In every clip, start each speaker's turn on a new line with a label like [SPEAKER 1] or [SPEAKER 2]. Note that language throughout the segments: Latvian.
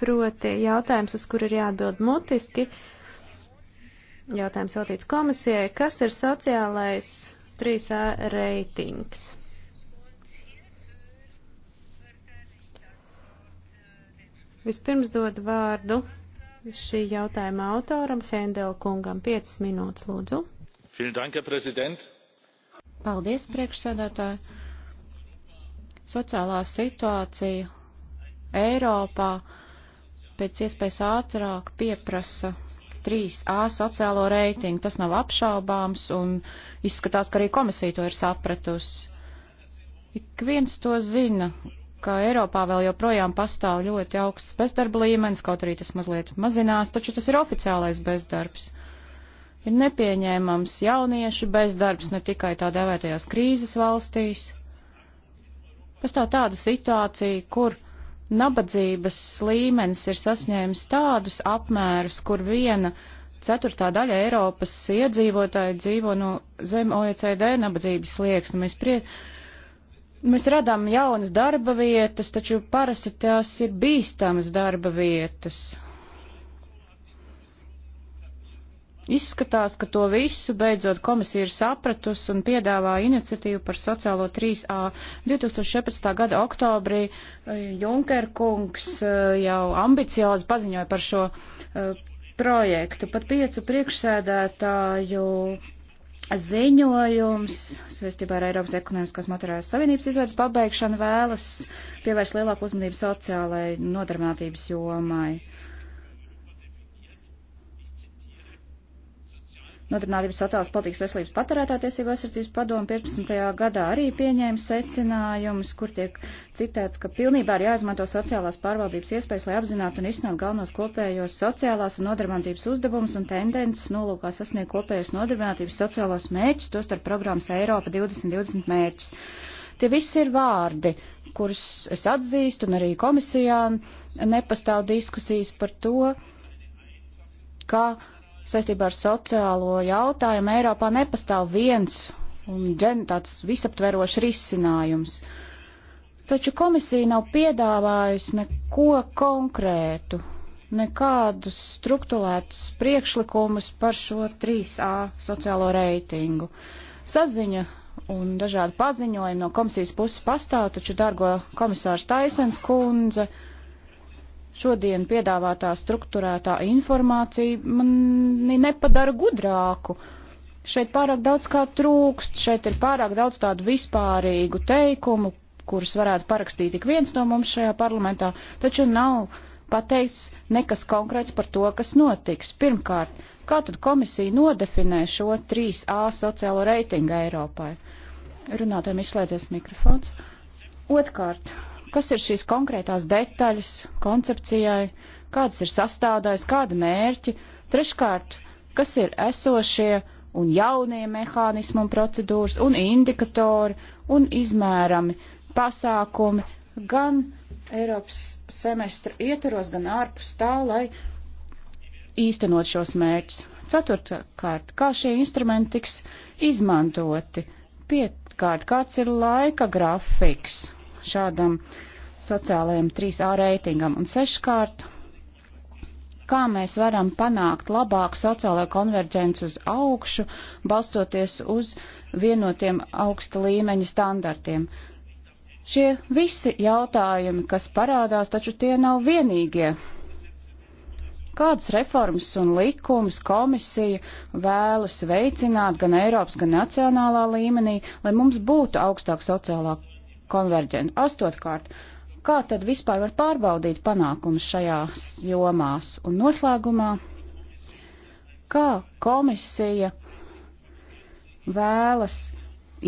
[SPEAKER 1] proti jautājums, uz kur ir jāatbild mutiski. Jautājums veltīts komisijai, kas ir sociālais 3A reitings? Vispirms dod vārdu šī jautājuma autoram Hendel kungam 5 minūtes lūdzu. Paldies, priekšsēdētāji. Sociālā situācija
[SPEAKER 2] Eiropā pēc iespējas ātrāk pieprasa 3A sociālo reitingu. Tas nav apšaubāms un izskatās, ka arī komisija to ir sapratusi. Ik viens to zina, ka Eiropā vēl joprojām pastāv ļoti augsts bezdarba līmenis, kaut arī tas mazliet mazinās, taču tas ir oficiālais bezdarbs. Ir nepieņēmams jauniešu bezdarbs ne tikai tā devētajās krīzes valstīs. Pastāv tāda situācija, kur nabadzības līmenis ir sasņēmis tādus apmērus, kur viena ceturtā daļa Eiropas iedzīvotāji dzīvo no zem OECD nabadzības slieksni. Mēs, prie... mēs radām jaunas darba vietas, taču parasti tās ir bīstamas darba vietas. Izskatās, ka to visu beidzot komisija ir sapratusi un piedāvā iniciatīvu par sociālo 3A. 2014. gada oktobrī eh, Junker kungs eh, jau ambiciozi paziņoja par šo eh, projektu. Pat piecu priekšsēdētāju ziņojums saistībā ar Eiropas ekonomiskās materiālās savienības izveidas pabeigšanu vēlas pievērst lielāku uzmanību sociālai nodarbinātības jomai. Nodarbinātības sociālas politikas veselības patērētā tiesība aizsardzības padoma 15. gadā arī pieņēma secinājumus, kur tiek citēts, ka pilnībā ir jāizmanto sociālās pārvaldības iespējas, lai apzinātu un izsnātu galvenos kopējos sociālās un nodarbinātības uzdevumus un tendences nolūkā sasniegt kopējos nodarbinātības sociālos mērķus, tostarp programmas Eiropa 2020 mērķus. Tie visi ir vārdi, kurus es atzīstu, un arī komisijā nepastāv diskusijas par to, ka saistībā ar sociālo jautājumu Eiropā nepastāv viens un džen tāds visaptverošs risinājums. Taču komisija nav piedāvājusi neko konkrētu, nekādus struktūrētus priekšlikumus par šo 3A sociālo reitingu. Saziņa un dažādi paziņojumi no komisijas puses pastāv, taču, dargo komisārs Taisens kundze, uh, šodien piedāvātā strukturētā informācija mani nepadara gudrāku. Šeit pārāk daudz kā trūkst, šeit ir pārāk daudz tādu vispārīgu teikumu, kurus varētu parakstīt ik viens no mums šajā parlamentā, taču nav pateikts nekas konkrēts par to, kas notiks. Pirmkārt, kā tad komisija nodefinē šo 3A sociālo reitingu Eiropai? Runātājiem izslēdzies mikrofons. Otkārt, kas ir šīs konkrētās detaļas koncepcijai, kādas ir sastādājas, kādi mērķi, treškārt, kas ir esošie un jaunie mehānismi un procedūras un indikatori un izmērami pasākumi gan Eiropas semestra ietvaros, gan ārpus tā, lai īstenot šos mērķus. Ceturtkārt, kā šie instrumenti tiks izmantoti? Pietkārt, kāds ir laika grafiks? šādam sociālajam 3A reitingam. Un seškārt, kā mēs varam panākt labāku sociālo konverģenci uz augšu, balstoties uz vienotiem augsta līmeņa standartiem. Šie visi jautājumi, kas parādās, taču tie nav vienīgie, kādas reformas un likumus komisija vēlas veicināt gan Eiropas, gan nacionālā līmenī, lai mums būtu augstāka sociālā konverģenti. Astotkārt, kā tad vispār var pārbaudīt panākumus šajās jomās? Un noslēgumā, kā komisija vēlas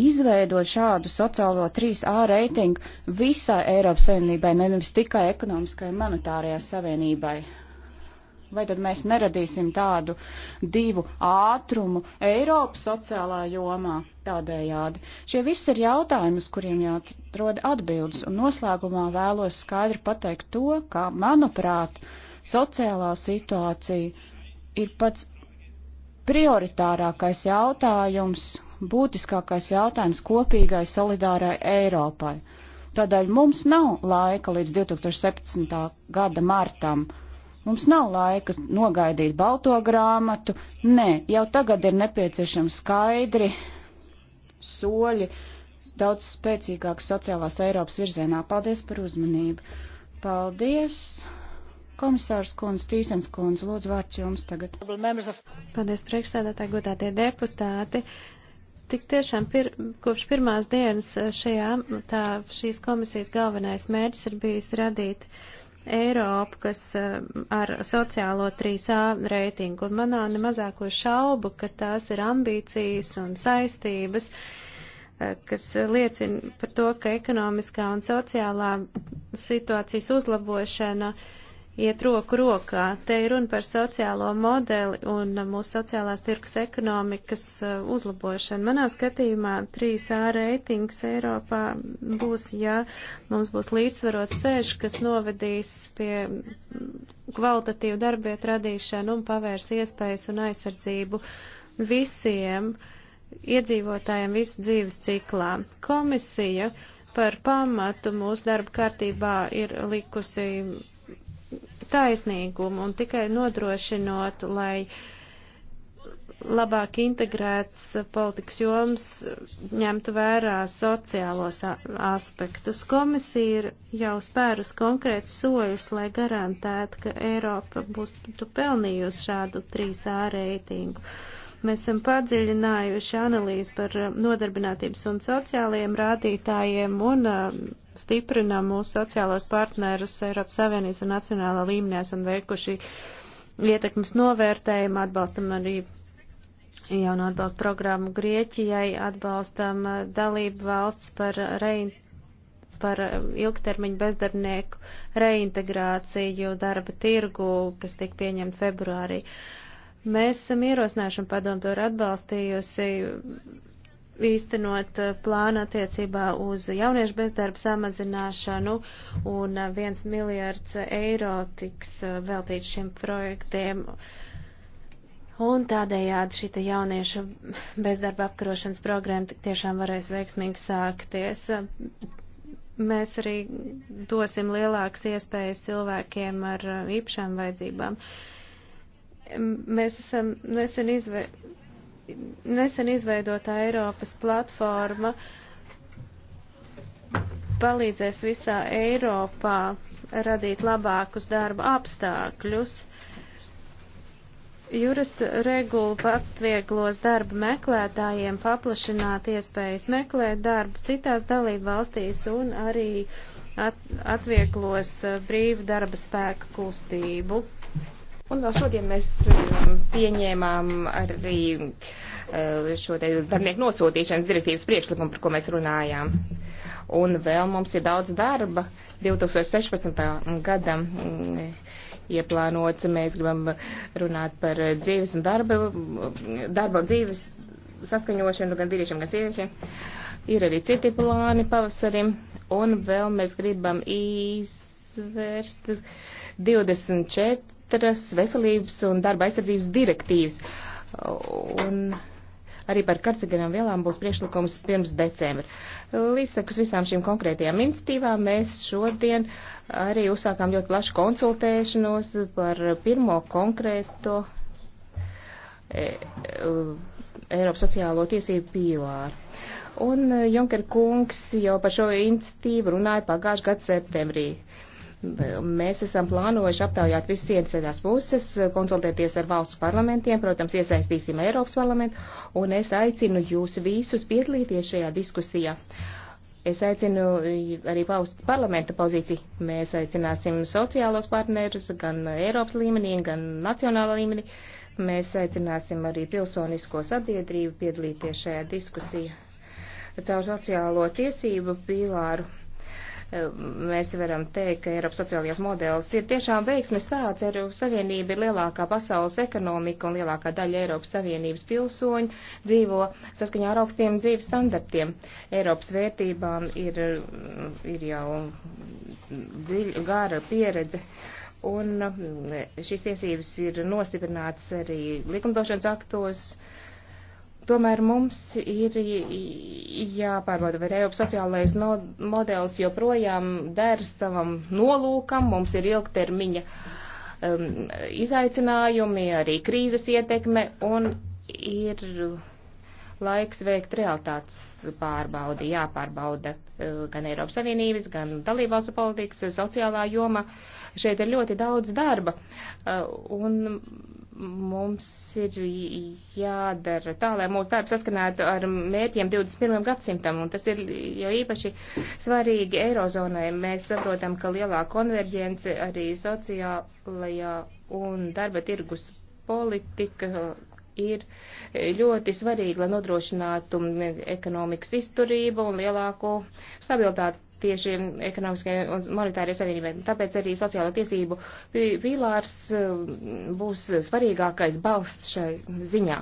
[SPEAKER 2] izveidot šādu sociālo 3A reitingu visai Eiropas Savienībai, nevis tikai ekonomiskajai un monetārajai savienībai? Vai tad mēs neradīsim tādu divu ātrumu Eiropas sociālā jomā tādējādi? Šie visi ir jautājumi, uz kuriem jāatrod atbildes, un noslēgumā vēlos skaidri pateikt to, ka, manuprāt, sociālā situācija ir pats prioritārākais jautājums, būtiskākais jautājums kopīgai solidārai Eiropai. Tādēļ mums nav laika līdz 2017. gada martam Mums nav laika nogaidīt balto grāmatu, nē, jau tagad ir nepieciešami skaidri soļi daudz spēcīgāk sociālās Eiropas virzienā. Paldies par uzmanību. Paldies.
[SPEAKER 1] Komisārs Kunz, Tīsens Kunz, lūdzu vārds jums tagad. Paldies priekšstādātāji, godātie deputāti. Tik tiešām pir, kopš pirmās dienas šajā, tā, šīs komisijas galvenais mērķis ir bijis radīt uh, Eiropu, kas eh, ar sociālo 3A reitingu, un manā nemazāko šaubu, ka tās ir ambīcijas un saistības, eh, kas liecina par to, ka ekonomiskā un sociālā situācijas uzlabošana uh, iet roku rokā. Te ir runa par sociālo modeli un mūsu sociālās tirkus ekonomikas uh, uzlabošanu. Manā skatījumā 3A reitings Eiropā būs, ja mums būs līdzsvarots ceļš, kas novedīs pie kvalitatīvu darbietu radīšanu un pavērs iespējas un aizsardzību visiem iedzīvotājiem visu dzīves ciklā. Komisija par pamatu mūsu darba kārtībā ir likusi taisnīgumu un tikai nodrošinot, lai labāk integrētas politikas joms ņemtu vērā sociālos aspektus. Komisija ir jau spērus konkrēts soļus, lai garantētu, ka Eiropa būtu pelnījusi šādu 3A reitingu. Uh, Mēs esam padziļinājuši analīzi par eh, nodarbinātības un sociālajiem rādītājiem un eh, stiprinām mūsu sociālos partnerus Eiropas Savienības un nacionālā līmenī. Esam veikuši ietekmes novērtējumu, atbalstam arī jauno atbalstu programmu Grieķijai, atbalstam eh, dalību valsts par reintegrāciju par ilgtermiņu bezdarbnieku reintegrāciju darba tirgu, kas tika pieņemta februārī. Uh, Mēs esam ierosinājuši un padomu to ir atbalstījusi īstenot uh, plānu attiecībā uz jauniešu bezdarba samazināšanu, un uh, viens miljards eiro tiks uh, veltīts šiem projektiem. Un tādējādi šī jauniešu bezdarba apkarošanas programma tiešām varēs veiksmīgi sākties. Mēs arī dosim lielākas iespējas cilvēkiem ar īpašām vajadzībām. Uh, Mēs esam nesen, izve, nesen izveidotā Eiropas platforma palīdzēs visā Eiropā radīt labākus darba apstākļus. Juras regula patvieglos darba meklētājiem paplašināt iespējas meklēt darbu citās dalību valstīs un arī at atvieglos uh, brīvu darba spēku kustību. Un vēl šodien mēs um, pieņēmām
[SPEAKER 3] arī uh, šo te darbinieku nosūtīšanas direktīvas priekšlikumu, par ko mēs runājām. Un vēl mums ir daudz darba 2016. gadam mm, ieplānots. Mēs gribam runāt par dzīves un darba, darba un dzīves saskaņošanu gan vīriešiem, gan sieviešiem. Ir arī citi plāni pavasarim. Un vēl mēs gribam izvērst 24 četras veselības un darba aizsardzības direktīvas. Un arī par karcinogenām vielām būs priekšlikums pirms decembra. Līdzsakus visām šīm konkrētajām iniciatīvām mēs šodien arī uzsākām ļoti plašu konsultēšanos par pirmo konkrēto e, e, Eiropas sociālo tiesību pīlāru. Un Junker kungs jau par šo iniciatīvu runāja pagājušajā gadu septembrī. Uh, Mēs esam plānojuši aptaujāt visas iencerās puses, konsultēties ar valstu parlamentiem, protams, iesaistīsim Eiropas parlamentu, un es aicinu jūs visus piedalīties šajā diskusijā. Es aicinu arī paust parlamenta pozīciju. Mēs aicināsim sociālos partnerus gan Eiropas līmenī, gan nacionālā līmenī. Mēs aicināsim arī pilsonisko sabiedrību piedalīties šajā diskusijā caur sociālo tiesību pīlāru mēs varam teikt, ka Eiropas sociālajās modelis ir tiešām veiksmes stāsts. Eiropas Savienība ir lielākā pasaules ekonomika un lielākā daļa Eiropas Savienības pilsoņu dzīvo saskaņā ar augstiem dzīves standartiem. Eiropas vērtībām ir, ir jau dziļa, gara pieredze. Un šīs tiesības ir nostiprinātas arī likumdošanas aktos, uh, Tomēr mums ir jāpārbauda, vai Eiropas sociālais no, modelis joprojām der savam nolūkam. Mums ir ilgtermiņa um, izaicinājumi, arī krīzes ietekme un ir laiks veikt realitātes pārbaudi, jāpārbauda uh, gan Eiropas Savienības, gan dalībvalstu politikas, sociālā joma. Šeit ir ļoti daudz darba. Uh, un mums ir jādara tā, lai mūsu darbs saskanētu ar mērķiem 21. gadsimtam, un tas ir jau īpaši svarīgi Eirozonai. Mēs saprotam, ka lielā konverģence arī sociālajā un darba tirgus politika ir ļoti svarīga, lai nodrošinātu ekonomikas izturību un lielāko stabilitāti tieši ekonomiskajai un monetārajai savienībai. Tāpēc arī sociālo tiesību pīlārs mm, būs svarīgākais balsts šai ziņā.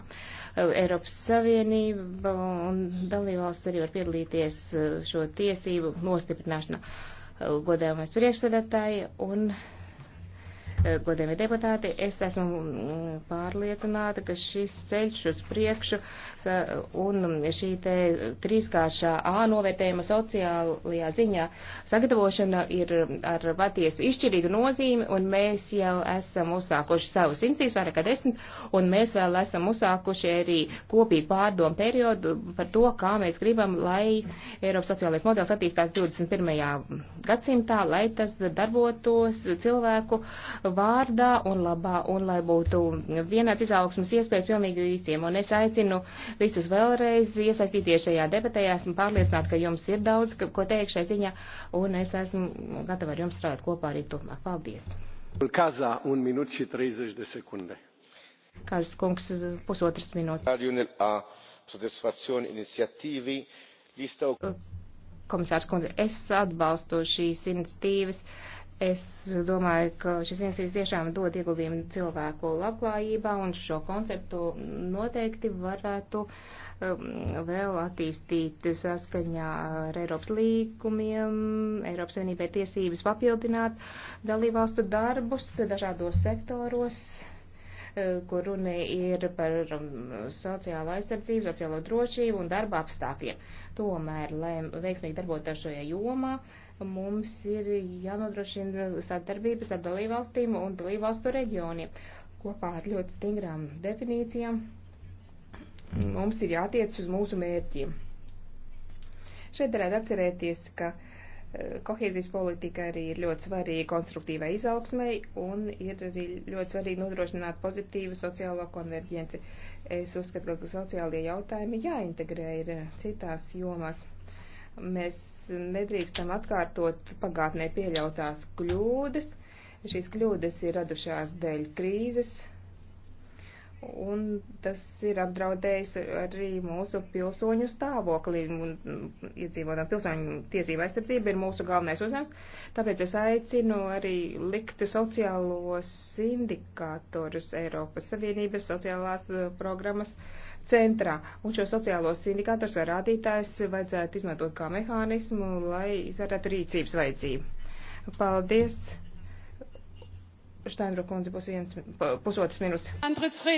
[SPEAKER 3] Eiropas Savienība un dalībvalsts arī var piedalīties mm, šo tiesību nostiprināšanā. Godējumais priekšsēdētāji un Eh, godējumie deputāti, es esmu mm, pārliecināta, ka šis ceļš uz priekšu un mm, šī te trīskāršā A novērtējuma sociālajā ziņā sagatavošana ir ar patiesu izšķirīgu nozīmi, un mēs jau esam uzsākuši savas institūcijas, vairāk kā desmit, un mēs vēl esam uzsākuši arī kopīgu pārdomu periodu par to, kā mēs gribam, lai Eiropas sociālais modelis attīstās 21. gadsimtā, lai tas darbotos cilvēku tautu vārdā un labā, un lai būtu vienāds izaugsmas iespējas pilnīgi visiem. Un es aicinu visus vēlreiz iesaistīties šajā debatē. Esmu pārliecināta, ka jums ir daudz, ko teikt šai ziņā, un es esmu gatava ar jums strādāt kopā arī turpmāk. Paldies!
[SPEAKER 1] Kazā un minūte šī 30 sekunde.
[SPEAKER 3] Kazas kungs pusotras minūtes. Komisārs kundze, es atbalstu šīs iniciatīvas. Uh, Es domāju, ka šis iniciatīvs tiešām dod ieguldījumu cilvēku labklājībā, un šo konceptu noteikti varētu um, vēl attīstīt saskaņā ar Eiropas līgumiem. Eiropas Savienībai tiesības papildināt dalībvalstu darbus dažādos sektoros uh, kur runa ir par um, sociālo aizsardzību, sociālo drošību un darba apstākļiem. Tomēr, lai veiksmīgi darbotos šajā jomā, uh, mums ir jānodrošina sadarbības ar dalībvalstīm un dalībvalstu reģioniem kopā ar ļoti stingrām definīcijām. Mums ir jātiec uz mūsu mērķiem. Šeit varētu atcerēties, ka eh, kohēzijas politika arī ir ļoti svarīga konstruktīvai izaugsmai un ir arī ļoti svarīgi nodrošināt pozitīvu sociālo konverģenci. Es uzskatu, ka sociālie jautājumi jāintegrē ir eh, citās jomās. Mēs nedrīkstam atkārtot pagātnē pieļautās kļūdas. Šīs kļūdas ir radušās dēļ krīzes, un tas ir apdraudējis arī mūsu pilsoņu stāvokli. Iedzīvotā pilsoņu tiesība aizsardzība ir mūsu galvenais uzdevums, tāpēc es aicinu arī likt sociālos indikatorus Eiropas Savienības sociālās programmas uh, centrā. Un šo sociālos indikators vai rādītājs vajadzētu izmantot kā mehānismu, lai izvērtētu rīcības vajadzību. Paldies! Štainru kundze būs viens pusotras
[SPEAKER 4] minūtes.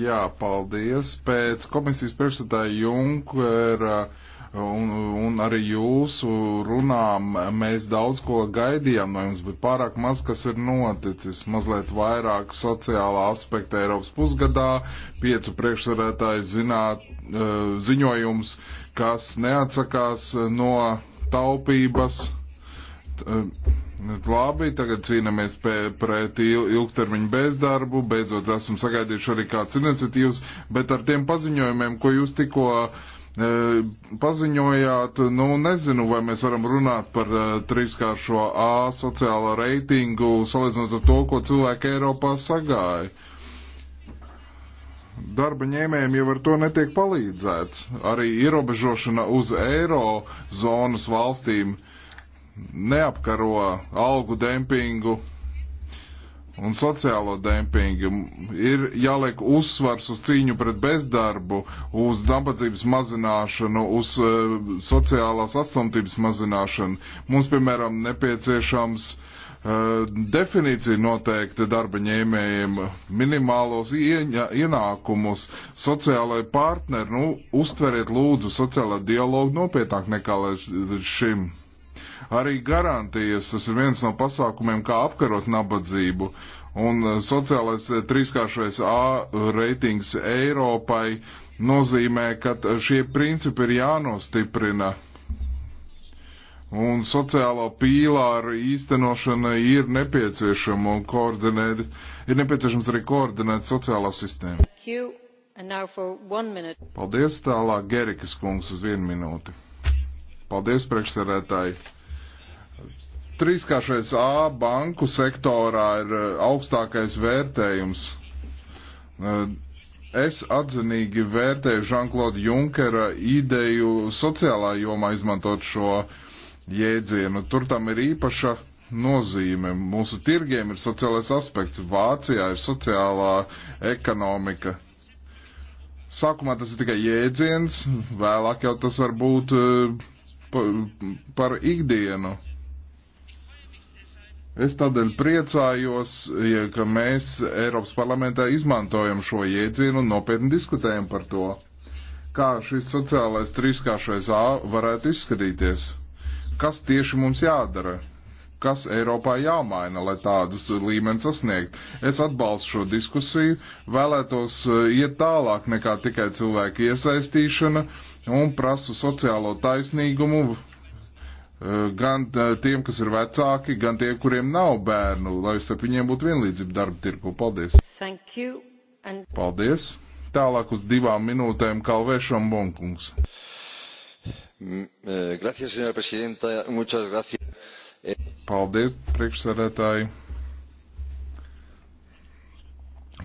[SPEAKER 5] Jā, paldies. Pēc komisijas priekšstādāja Junkera. Uh, un, un arī jūsu runām mēs daudz ko gaidījām no jums, bet pārāk maz kas ir noticis. Mazliet vairāk sociālā aspekta Eiropas pusgadā, piecu priekšsarētāju zināt, e, ziņojums, kas neatsakās no taupības. E, labi, tagad cīnāmies pret ilgtermiņu bezdarbu, beidzot esam sagaidījuši arī kāds iniciatīvas, bet ar tiem paziņojumiem, ko jūs tikko uh, E, paziņojāt, nu nezinu, vai mēs varam runāt par e, trīskāršo A sociālo reitingu, salīdzinot ar to, ko cilvēki Eiropā sagāja. Darba ņēmējiem jau ar to netiek palīdzēts. Arī ierobežošana uz eiro zonas valstīm neapkaro algu dempingu un sociālo dempingu. Ir jāliek uzsvars uz cīņu pret bezdarbu, uz nabadzības mazināšanu, uz uh, sociālās atstumtības mazināšanu. Mums, piemēram, nepieciešams uh, definīcija noteikti darba ņēmējiem, minimālos ieņa, ienākumus, sociālai partneri, nu, uztveriet lūdzu sociālā dialogu nopietnāk nekā līdz šim. Arī garantijas, tas ir viens no pasākumiem, kā apkarot nabadzību. Un eh, sociālais eh, trīskāršais A reitings Eiropai nozīmē, ka šie principi ir jānostiprina. Un sociālo pīlāru īstenošana ir nepieciešama un koordinēt, ir nepieciešams arī koordinēt sociālā sistēma. Paldies tālāk Gerikas kungs uz vienu minūti. Paldies priekšsarētāji. Trīskāršais A banku sektorā ir eh, augstākais vērtējums. Eh, es atzinīgi vērtēju Žanklaudu Junkera ideju sociālā jomā izmantot šo jēdzienu. Tur tam ir īpaša nozīme. Mūsu tirgiem ir sociālais aspekts. Vācijā ir sociālā ekonomika. Sākumā tas ir tikai jēdziens, vēlāk jau tas var būt eh, par ikdienu Es tādēļ priecājos, ja, ka mēs Eiropas parlamentā izmantojam šo jēdzienu un nopietni diskutējam par to, kā šis sociālais trīskāršais A varētu izskatīties, kas tieši mums jādara, kas Eiropā jāmaina, lai tādus līmeni sasniegt. Es atbalstu šo diskusiju, vēlētos eh, iet tālāk nekā tikai cilvēku iesaistīšana un prasu sociālo taisnīgumu Eh, gan eh, tiem, kas ir vecāki, gan tie, kuriem nav bērnu, lai starp viņiem būtu vienlīdzība darba tirku. Paldies! Thank you and... Paldies! Tālāk uz divām minūtēm Kalvēšam Bonkungs. Mm, eh, gracias, señora presidenta. Muchas gracias. Paldies, priekšsarētāji.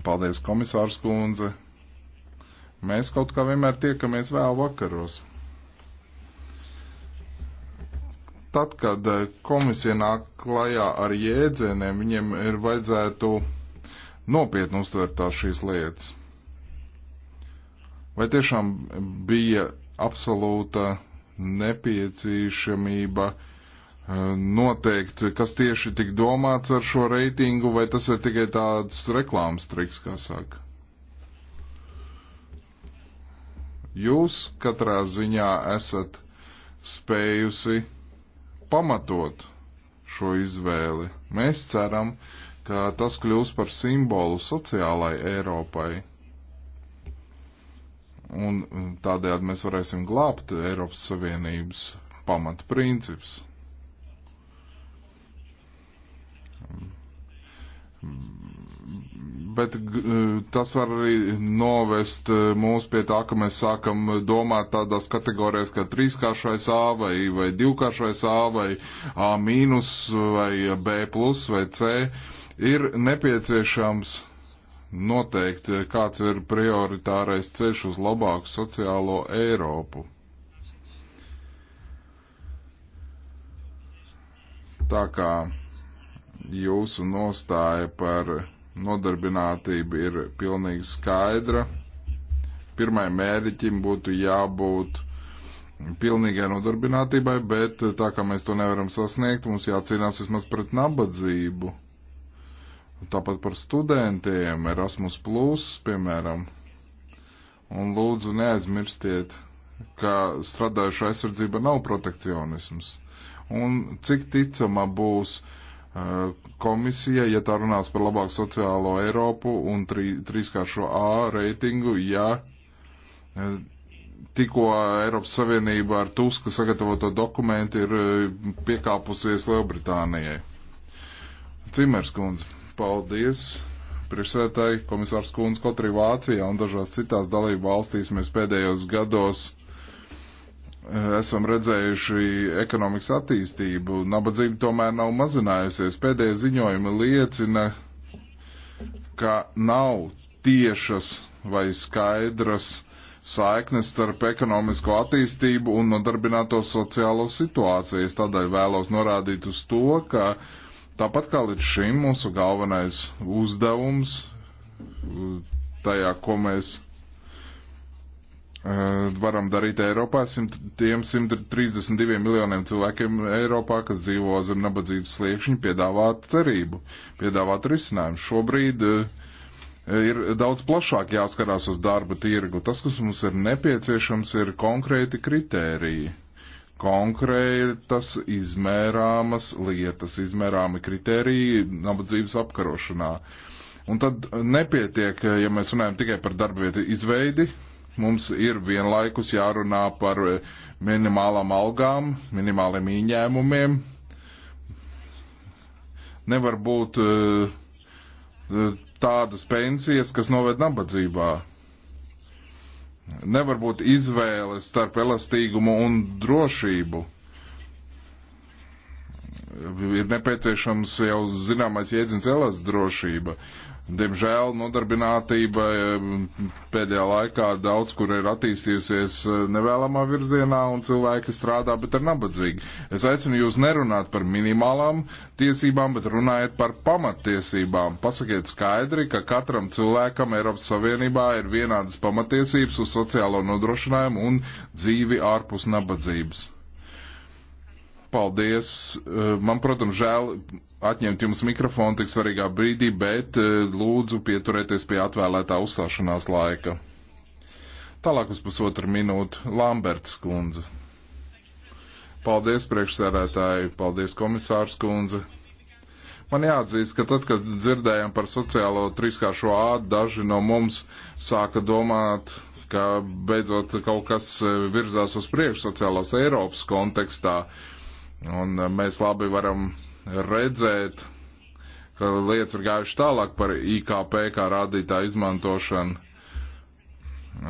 [SPEAKER 5] Paldies, komisārs kundze. Mēs kaut kā vienmēr tiekamies vēl vakaros. Tad, kad eh, komisija nāk klajā ar jēdzieniem, viņiem ir vajadzētu nopietni uztvert šīs lietas. Vai tiešām bija absolūta nepieciešamība eh, noteikt, kas tieši tik domāts ar šo reitingu, vai tas ir tikai tāds reklāmas triks, kā saka? Jūs katrā ziņā esat spējusi pamatot šo izvēli. Mēs ceram, ka tas kļūs par simbolu sociālai Eiropai. Un tādējādi mēs varēsim glābt Eiropas Savienības pamata principus. bet eh, tas var arī novest eh, mūs pie tā, ka mēs sākam domāt tādās kategorijās kā trīskāršais A vai, vai divkāršais A vai A mīnus vai B plus vai C. Ir nepieciešams noteikt, eh, kāds ir prioritārais ceļš uz labāku sociālo Eiropu. Tā kā jūsu nostāja par nodarbinātību ir pilnīgi skaidra. Pirmai mērķim būtu jābūt pilnīgai nodarbinātībai, bet tā kā mēs to nevaram sasniegt, mums jācīnās vismaz pret nabadzību. Tāpat par studentiem, Erasmus, plus, piemēram. Un lūdzu, neaizmirstiet, ka strādājuša aizsardzība nav protekcionisms. Un cik ticama būs uh, komisija, ja tā runās par labāku sociālo Eiropu un tri, trīskāršo A reitingu, ja eh, tikko Eiropas Savienība ar Tuska sagatavoto dokumentu ir eh, piekāpusies Lielbritānijai. Cimers kundze, paldies! Priekšsētāji, komisārs kundze, kaut arī Vācijā un dažās citās dalību valstīs mēs pēdējos gados esam redzējuši ekonomikas attīstību. Nabadzība tomēr nav mazinājusies. Pēdējie ziņojumi liecina, ka nav tiešas vai skaidras saiknes starp ekonomisko attīstību un nodarbināto sociālo situāciju. Es tādēļ vēlos norādīt uz to, ka tāpat kā līdz šim mūsu galvenais uzdevums tajā, ko mēs Eh, varam darīt Eiropā, simt, tiem 132 miljoniem cilvēkiem Eiropā, kas dzīvo zem nabadzības sliekšņa, piedāvāt cerību, piedāvāt risinājumu. Šobrīd eh, ir daudz plašāk jāskarās uz darba tirgu. Tas, kas mums ir nepieciešams, ir konkrēti kritēriji, konkrētas izmērāmas lietas, izmērāmi kritēriji nabadzības apkarošanā. Un tad nepietiek, ja mēs runājam tikai par darba vietu izveidi, Mums ir vienlaikus jārunā par eh, minimālām algām, minimāliem ieņēmumiem. Nevar būt eh, tādas pensijas, kas noved nabadzībā. Nevar būt izvēles starp elastīgumu un drošību ir nepieciešams jau zināmais jēdziens elas drošība. Diemžēl nodarbinātība eh, pēdējā laikā daudz kur ir attīstījusies eh, nevēlamā virzienā un cilvēki strādā, bet ir nabadzīgi. Es aicinu jūs nerunāt par minimālām tiesībām, bet runājiet par pamattiesībām. Pasakiet skaidri, ka katram cilvēkam Eiropas Savienībā ir vienādas pamatiesības uz sociālo nodrošinājumu un dzīvi ārpus nabadzības. Paldies. Eh, man, protams, žēl atņemt jums mikrofonu tik svarīgā brīdī, bet eh, lūdzu pieturēties pie atvēlētā uzstāšanās laika. Tālāk uz pusotru minūtu Lamberts kundze. Paldies, priekšsēdētāji, paldies, komisārs kundze. Man jāatzīst, ka tad, kad dzirdējām par sociālo trīskāršo ādu, daži no mums sāka domāt, ka beidzot kaut kas eh, virzās uz priekšu sociālās Eiropas kontekstā. Uh, Un eh, mēs labi varam redzēt, ka lietas ir gājušas tālāk par IKP kā rādītāju izmantošanu.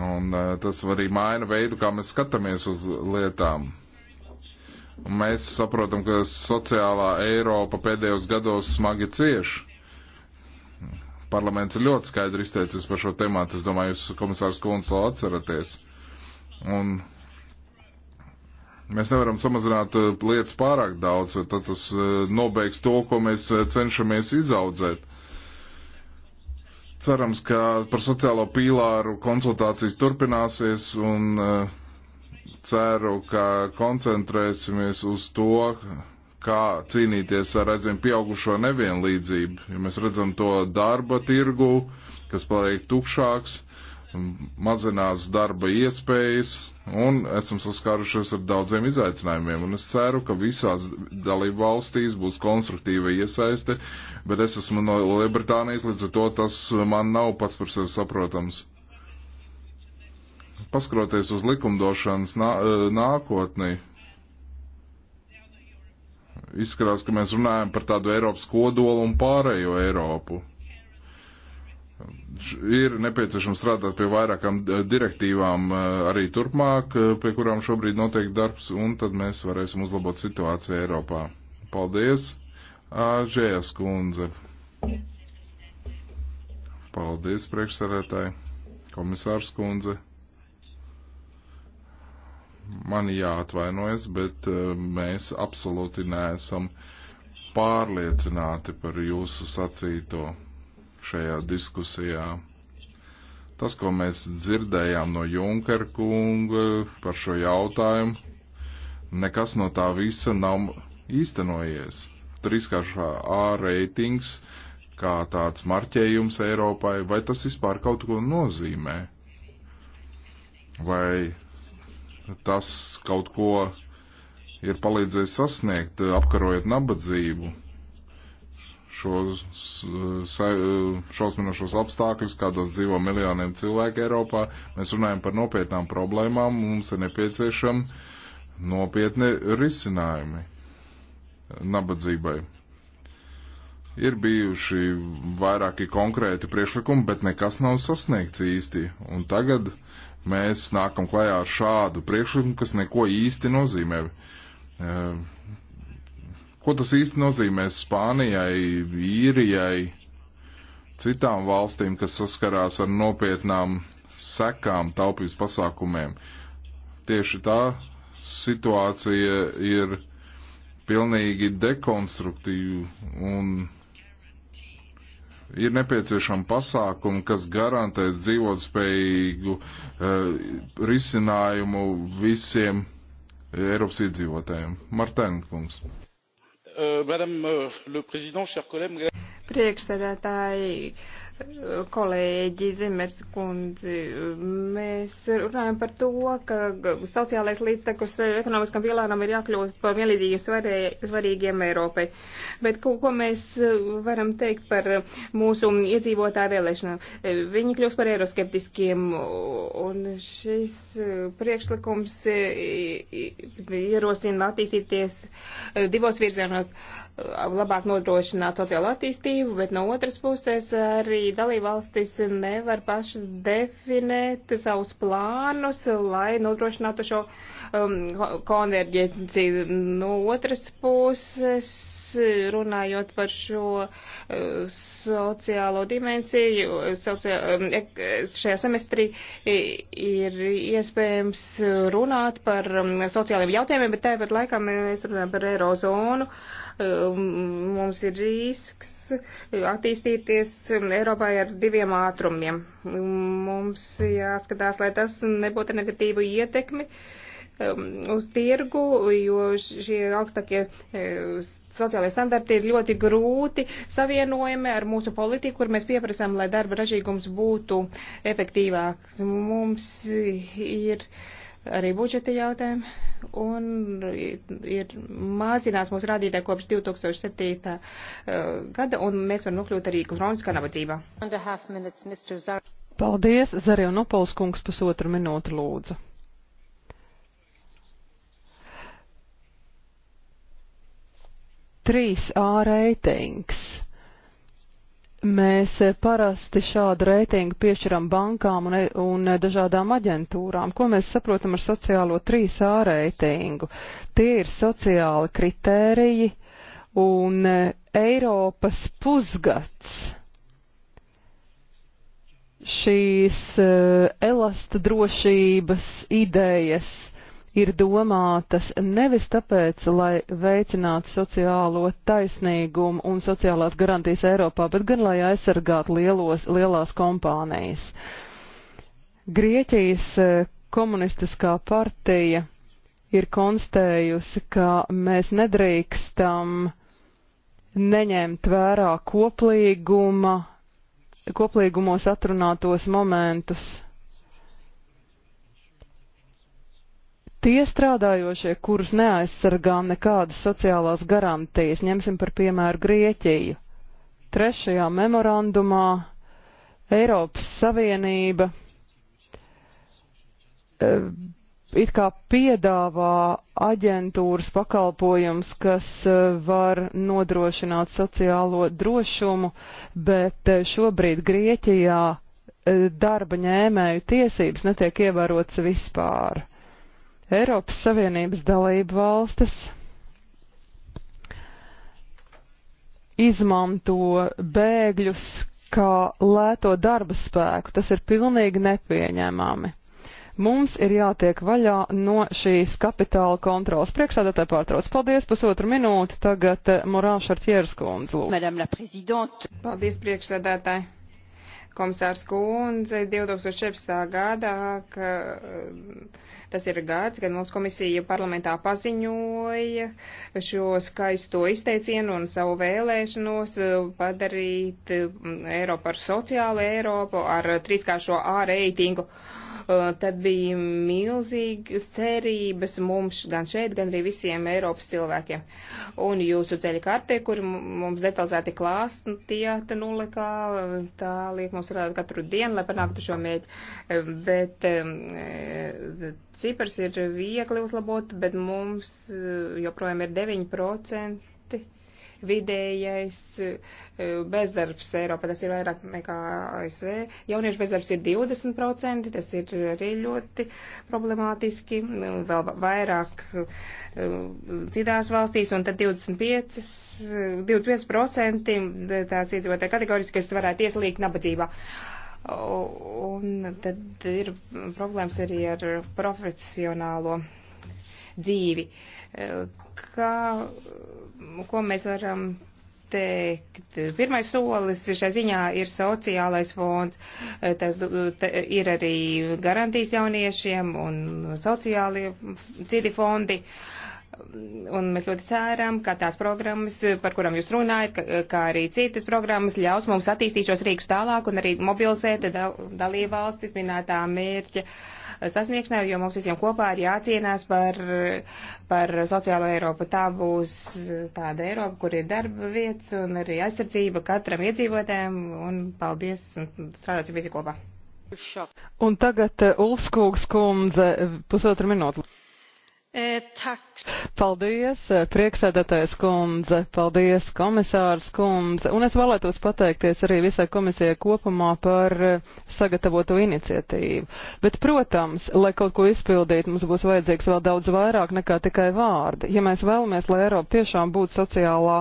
[SPEAKER 5] Un eh, tas arī maina veidu, kā mēs skatāmies uz lietām. Un mēs saprotam, ka sociālā Eiropa pēdējos gados smagi cieš. Parlaments ir ļoti skaidri izteicies par šo tematu. Es domāju, jūs, komisārs Kunz, to atceraties. Un Mēs nevaram samazināt eh, lietas pārāk daudz, tad tas eh, nobeigs to, ko mēs eh, cenšamies izaudzēt. Cerams, ka par sociālo pīlāru konsultācijas turpināsies un ceru, ka koncentrēsimies uz to, kā cīnīties ar aizvien pieaugušo nevienlīdzību. Ja mēs redzam to darba tirgu, kas paliek tukšāks, mazinās darba iespējas un esam saskārušies ar daudziem izaicinājumiem. Un es ceru, ka visās dalību valstīs būs konstruktīva iesaiste, bet es esmu no Lielbritānijas, līdz ar to tas man nav pats par sevi saprotams. Paskroties uz likumdošanas nā, eh, nākotni, izskatās, ka mēs runājam par tādu Eiropas kodolu un pārējo Eiropu ir nepieciešams strādāt pie vairākām eh, direktīvām eh, arī turpmāk, eh, pie kurām šobrīd notiek darbs, un tad mēs varēsim uzlabot situāciju Eiropā. Paldies, Žējas kundze. Paldies, priekšsarētāji, komisārs kundze. Man jāatvainojas, bet mēs absolūti neesam pārliecināti par jūsu sacīto šajā diskusijā. Tas, ko mēs dzirdējām no Junkera kunga par šo jautājumu, nekas no tā visa nav īstenojies. Trīskāršā A reitings kā tāds marķējums Eiropai, vai tas vispār kaut ko nozīmē? Vai tas kaut ko ir palīdzējis sasniegt, apkarojot nabadzību? šos šausminošos apstākļus, kādos dzīvo miljoniem cilvēku Eiropā. Mēs runājam par nopietnām problēmām, mums ir nepieciešami nopietni risinājumi nabadzībai. Ir bijuši vairāki konkrēti priekšlikumi, bet nekas nav sasniegts īsti. Un tagad mēs nākam klajā ar šādu priekšlikumu, kas neko īsti nozīmē. Uh, Ko tas īsti nozīmē Spānijai, īrijai, citām valstīm, kas saskarās ar nopietnām sekām taupības pasākumiem? Tieši tā situācija ir pilnīgi dekonstruktīva un ir nepieciešama pasākuma, kas garantēs dzīvotspējīgu uh, risinājumu visiem Eiropas iedzīvotājiem. Martēnkungs. Euh, euh,
[SPEAKER 3] Priekšsēdētāji, kolēģi Zemers kundzi, mēs runājam par to, ka sociālais līdztekus ekonomiskam pielānam ir jākļūst par vienlīdzīgiem svarīgiem Eiropai. Bet ko, ko mēs varam teikt par mūsu iedzīvotāju vēlēšanām? Viņi kļūst par eiroskeptiskiem, un šis priekšlikums ierosina attīstīties divos virzienos, labāk nodrošināt sociālo attīstību, bet no otras puses arī arī dalībvalstis nevar pašas definēt savus plānus, lai nodrošinātu šo um, konverģenci. No otras puses, runājot par šo uh, sociālo dimensiju, sociāl, um, šajā semestrī ir iespējams runāt par um, sociāliem jautājumiem, bet tāpat laikam mēs runājam par eirozonu. Uh, Um, mums ir risks attīstīties Eiropai ar diviem ātrumiem. Um, mums jāskatās, lai tas nebūtu negatīvu ietekmi um, uz tirgu, jo šie augstākie e, sociālai standarti ir ļoti grūti savienojami ar mūsu politiku, kur mēs pieprasām, lai darba ražīgums būtu efektīvāks. Mums ir. Uh, arī budžeta jautājumi, un ir mazinās mūsu rādītāji kopš 2007. Eh, gada, un mēs varam nokļūt arī kroniskā nabadzībā.
[SPEAKER 4] Paldies, Zarija Nopols kungs, pusotru minūtu lūdzu. Trīs A reitings Mēs parasti šādu reitingu piešķiram bankām un, e, un dažādām aģentūrām. Ko mēs saprotam ar sociālo 3A reitingu? Tie ir sociāli kritēriji un e, Eiropas pusgads šīs uh, e, elasta drošības idejas ir domātas nevis tāpēc, lai veicinātu sociālo taisnīgumu un sociālās garantijas Eiropā, bet gan lai aizsargātu lielos, lielās kompānijas. Grieķijas eh, komunistiskā partija ir konstējusi, ka mēs nedrīkstam neņemt vērā koplīguma, koplīgumos atrunātos momentus tie strādājošie, kurus neaizsargā nekādas sociālās garantijas, ņemsim par piemēru Grieķiju. Trešajā memorandumā Eiropas Savienība e, it kā piedāvā aģentūras pakalpojums, kas e, var nodrošināt sociālo drošumu, bet e, šobrīd Grieķijā darba ņēmēju tiesības netiek ievērotas vispār. Eiropas Savienības dalību valstis izmanto bēgļus kā lēto darba spēku. Tas ir pilnīgi nepieņēmami. Mums ir jātiek vaļā no šīs kapitāla kontrolas. Priekšsādātāji pārtrauc. Paldies, pusotru minūti. Tagad eh, Morāša Artjērskundze.
[SPEAKER 3] Paldies, priekšsādātāji komisārs Kūndze 2014. gadā, ka eh, tas ir gads, kad mums komisija parlamentā paziņoja šo skaisto izteicienu un savu vēlēšanos eh, padarīt mm, Eiropu par sociālu Eiropu ar trīskāršo A reitingu. Uh, Uh, tad bija milzīgas cerības mums gan šeit, gan arī visiem Eiropas cilvēkiem. Un jūsu ceļa kartē, kur mums detalizēti klāstījāt, nu, kā tā liek mums rādīt katru dienu, lai panāktu šo mērķi. Um, bet um, e, cipars ir viegli uzlabot, bet mums uh, joprojām ir 9% Vidējais eh, bezdarbs Eiropā tas ir vairāk nekā ASV. Jauniešu bezdarbs ir 20%, tas ir arī ļoti problemātiski, vēl vairāk eh, citās valstīs, un tad 25, 25% eh, tās iedzīvotāji kategoriski, kas varētu ieslīgt nabadzībā. Un tad ir problēmas arī ar profesionālo dzīvi. Kā, ko mēs varam teikt? Pirmais solis šajā ziņā ir sociālais fonds. Tas ir arī garantijas jauniešiem un sociālie citi fondi. Uh, Un mēs ļoti ceram, ka tās programmas, par kurām jūs runājat, kā arī citas programmas, ļaus mums attīstīt šos rīkus tālāk un arī mobilizēt dalībvalstis minētā mērķa sasniegšanai, jo mums visiem kopā ir jācienās par, par sociālo Eiropu. Tā būs tāda Eiropa, kur ir darba vietas un arī aizsardzība katram iedzīvotājiem. Un paldies un strādāsim visi kopā.
[SPEAKER 4] Un tagad eh, Ulfskūgs kundze pusotru minūtu. Eh, paldies, eh, priekšsēdētājs kundze, paldies, komisārs kundze, un es vēlētos pateikties arī visai komisijai kopumā par eh, sagatavoto iniciatīvu. Bet, protams, lai kaut ko izpildītu, mums būs vajadzīgs vēl daudz vairāk nekā tikai vārdi. Ja mēs vēlamies, lai Eiropa tiešām būtu sociālā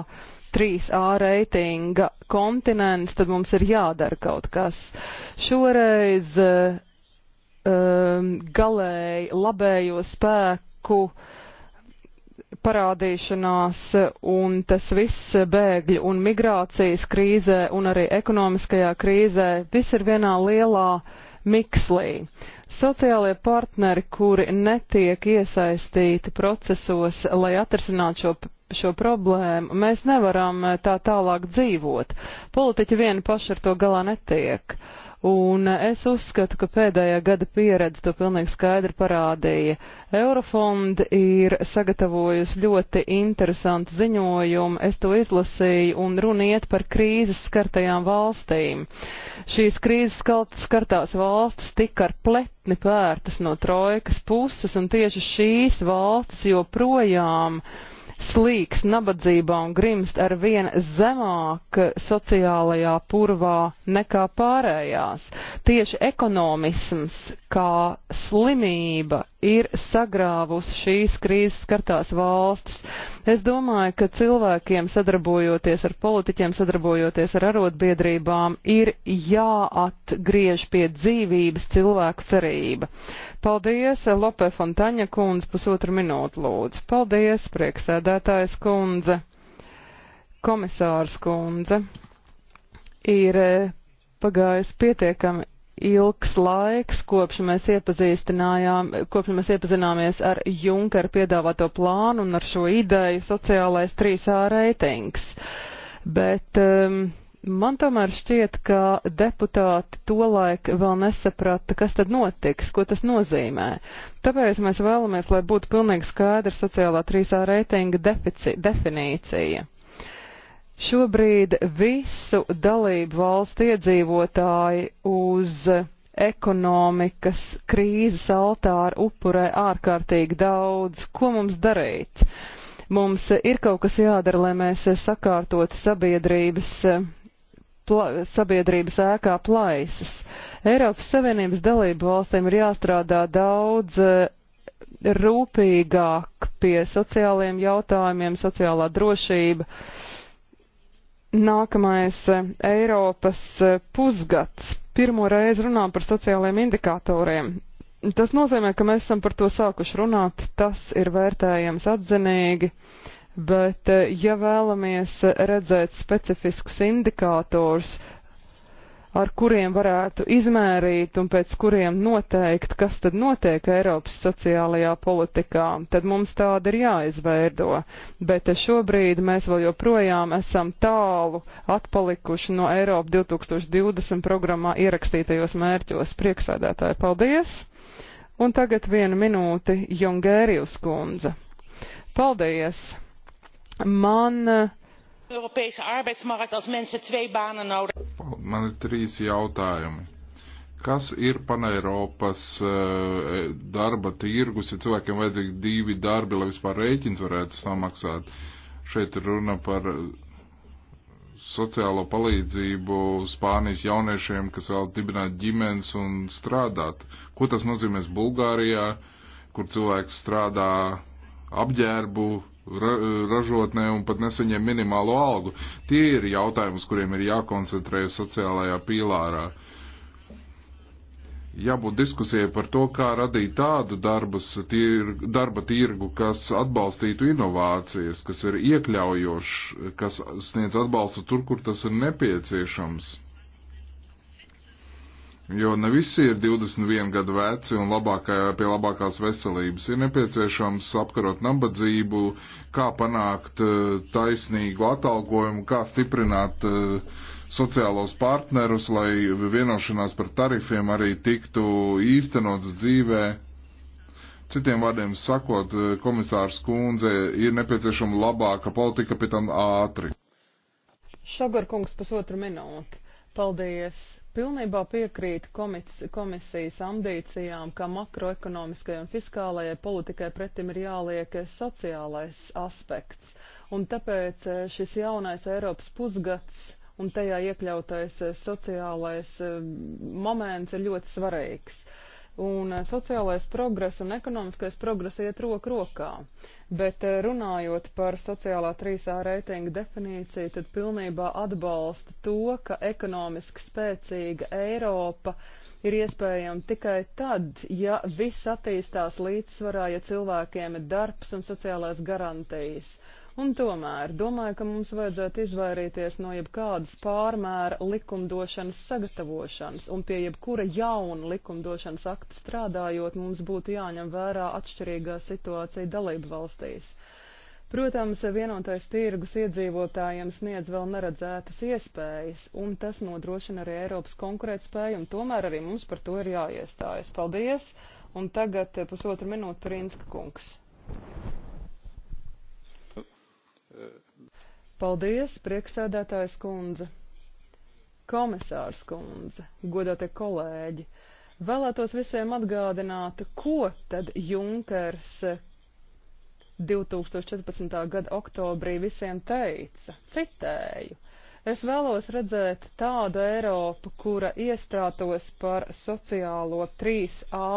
[SPEAKER 4] 3A reitinga kontinents, tad mums ir jādara kaut kas. Šoreiz um, galēji labējo spēku banku parādīšanās un tas viss bēgļu un migrācijas krīzē un arī ekonomiskajā krīzē viss ir vienā lielā mikslī. Sociālie partneri, kuri netiek iesaistīti procesos, lai atrisinātu šo šo problēmu. Mēs nevaram eh, tā tālāk dzīvot. Politiķi vieni paši ar to galā netiek. Un eh, es uzskatu, ka pēdējā gada pieredze to pilnīgi skaidri parādīja. Eurofond ir sagatavojusi ļoti interesantu ziņojumu, es to izlasīju, un runa iet par krīzes skartajām valstīm. Šīs krīzes skartās valstis tika ar pletni pērtas no trojkas puses, un tieši šīs valstis joprojām. Uh, slīks nabadzībā un grimst ar vien zemāk sociālajā purvā nekā pārējās. Tieši ekonomisms kā slimība ir sagrāvusi šīs krīzes skartās valstis. Es domāju, ka cilvēkiem sadarbojoties ar politiķiem, sadarbojoties ar arotbiedrībām, ir jāatgriež pie dzīvības cilvēku cerība. Paldies, Lope Fontaņa kundze, pusotru minūtu lūdzu. Paldies, prieksēdētājs kundze, komisārs kundze. Ir eh, pagājis pietiekami ilgs laiks, kopš mēs, kopš mēs iepazināmies ar Junkeru piedāvāto plānu un ar šo ideju sociālais 3A reitings. Bet um, man tomēr šķiet, ka deputāti tolaik vēl nesaprata, kas tad notiks, ko tas nozīmē. Tāpēc mēs vēlamies, lai būtu pilnīgi skaidra sociālā 3A reitinga definīcija. Šobrīd visu dalību valstu iedzīvotāji uz ekonomikas krīzes altāra upurē ārkārtīgi daudz. Ko mums darīt? Mums ir kaut kas jādara, lai mēs sakārtotu sabiedrības, pla, sabiedrības ēkā plaisas. Eiropas Savienības dalību valstīm ir jāstrādā daudz eh, rūpīgāk pie sociālajiem jautājumiem, sociālā drošība. Uh, Nākamais eh, Eiropas eh, pusgads. Pirmo reizi runā par sociālajiem indikatoriem. Tas nozīmē, ka mēs esam par to sākuši runāt, tas ir vērtējams atzinīgi, bet eh, ja vēlamies redzēt specifiskus indikātors, ar kuriem varētu izmērīt un pēc kuriem noteikt, kas tad notiek Eiropas sociālajā politikā, tad mums tāda ir jāizveido. Bet šobrīd mēs vēl joprojām esam tālu atpalikuši no Eiropa 2020 programmā ierakstītajos mērķos. Prieksēdētāji, paldies! Un tagad viena minūte Jungērijus kundze. Paldies! Man uh,
[SPEAKER 3] Europese arbeidsmarkt, als mensen twee banen nodig.
[SPEAKER 5] Man ir trīs jautājumi. Kas ir paneiropas eh, darba tirgus, ja cilvēkiem vajadzīgi divi darbi, lai vispār rēķins varētu samaksāt? Šeit ir runa par sociālo palīdzību Spānijas jauniešiem, kas vēlas dibināt ģimenes un strādāt. Ko tas nozīmēs Bulgārijā, kur cilvēks strādā apģērbu ra ražotnē un pat nesaņem minimālo algu. Tie ir jautājumi, uz kuriem ir jākoncentrējas sociālajā pīlārā. Jābūt diskusijai par to, kā radīt tādu darbas, tir, darba tirgu, kas atbalstītu inovācijas, kas ir iekļaujošs, kas sniedz atbalstu tur, kur tas ir nepieciešams Jo ne visi ir 21 gadu veci un labākā, pie labākās veselības. Ir nepieciešams apkarot nabadzību, kā panākt eh, taisnīgu atalgojumu, kā stiprināt eh, sociālos partnerus, lai vienošanās par tarifiem arī tiktu īstenots dzīvē. Citiem vārdiem sakot, eh, komisārs kundze, ir nepieciešama labāka politika, pie tam ātri.
[SPEAKER 4] Šogar kungs pusotru minūti. Paldies! Pilnībā piekrītu komis, komisijas ambīcijām, ka makroekonomiskajai un fiskālajai politikai pretim ir jāliek sociālais aspekts. Un tāpēc e, šis jaunais Eiropas pusgads un tajā iekļautais e, sociālais e, moments ir ļoti svarīgs. Uh, un eh, sociālais progress un ekonomiskais progress iet roku rokā. Bet eh, runājot par sociālā 3A reitinga definīciju, tad pilnībā atbalsta to, ka ekonomiski spēcīga Eiropa ir iespējama tikai tad, ja viss attīstās līdzsvarā, ja cilvēkiem ir darbs un sociālās garantijas. Un tomēr domāju, ka mums vajadzētu izvairīties no jebkādas pārmēra likumdošanas sagatavošanas, un pie jebkura jauna likumdošanas akta strādājot, mums būtu jāņem vērā atšķirīgā situācija dalību valstīs. Protams, vienotais tirgus iedzīvotājiem sniedz vēl neredzētas iespējas, un tas nodrošina arī Eiropas konkurētspēju, un tomēr arī mums par to ir jāiestājas. Paldies! Un tagad eh, pusotru minūtu Prinska kungs. Paldies, prieksēdētājs kundze, komisārs kundze, godātie kolēģi. Vēlētos visiem atgādināt, ko tad Junkers 2014. gada oktobrī visiem teica. Citēju. Es vēlos redzēt tādu Eiropu, kura iestrātos par sociālo 3A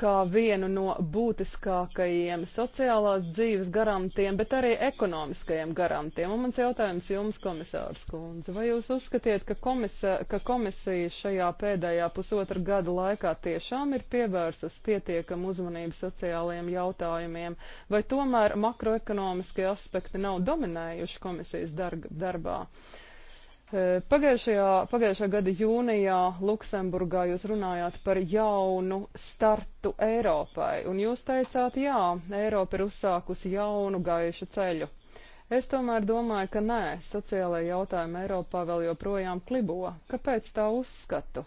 [SPEAKER 4] kā vienu no būtiskākajiem sociālās dzīves garantiem, bet arī ekonomiskajiem garantiem. Un mans jautājums jums, komisārs Kundze, vai jūs uzskatiet, ka, komisa, ka komisija šajā pēdējā pusotra gada laikā tiešām ir pievērsus pietiekam uzmanību sociālajiem jautājumiem, vai tomēr makroekonomiskie aspekti nav dominējuši komisijas darga, darbā? Uh, Eh, pagājušajā, pagājušā gada jūnijā Luksemburgā jūs runājāt par jaunu startu Eiropai, un jūs teicāt, jā, Eiropa ir uzsākusi jaunu gaišu ceļu. Es tomēr domāju, ka nē, sociālajie jautājumi Eiropā vēl joprojām klibo. Kāpēc tā uzskatu?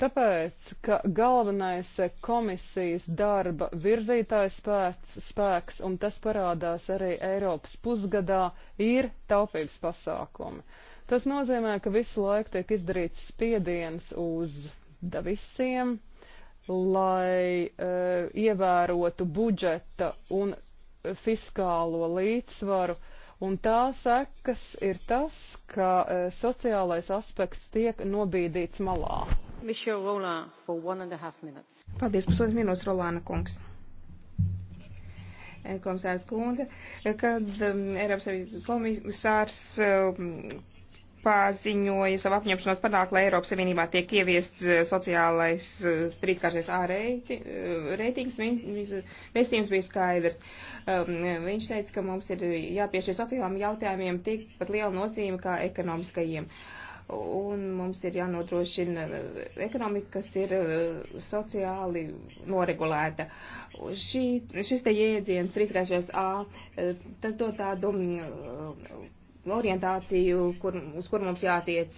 [SPEAKER 4] Tāpēc, ka galvenais komisijas darba virzītājs spēks, spēks, un tas parādās arī Eiropas pusgadā, ir taupības pasākumi. Tas nozīmē, ka visu laiku tiek izdarīts spiediens uz visiem, lai e, ievērotu budžeta un fiskālo līdzsvaru, un tā sekas ir tas, ka e, sociālais aspekts tiek nobīdīts malā.
[SPEAKER 2] Paldies, pusotras
[SPEAKER 3] minūtes, Rolāna kungs. Eh, komisārs Kunde, eh, kad mm, Eiropas Savienības komisārs mm, paziņoja savu apņemšanos panākt, lai Eiropas Savienībā tiek ieviests eh, sociālais trīskāršais A reitings. Vēstījums bija skaidrs. Mm, viņš teica, ka mums ir jāpiešķir sociālām jautājumiem tikpat liela nozīme kā ekonomiskajiem. Uh, un mums ir jānodrošina eh, ekonomika, kas ir eh, sociāli noregulēta. Šī, šis te jēdziens, trīskāršais A, eh, tas dod tādu mm, orientāciju, kur, uz kur mums jātiec,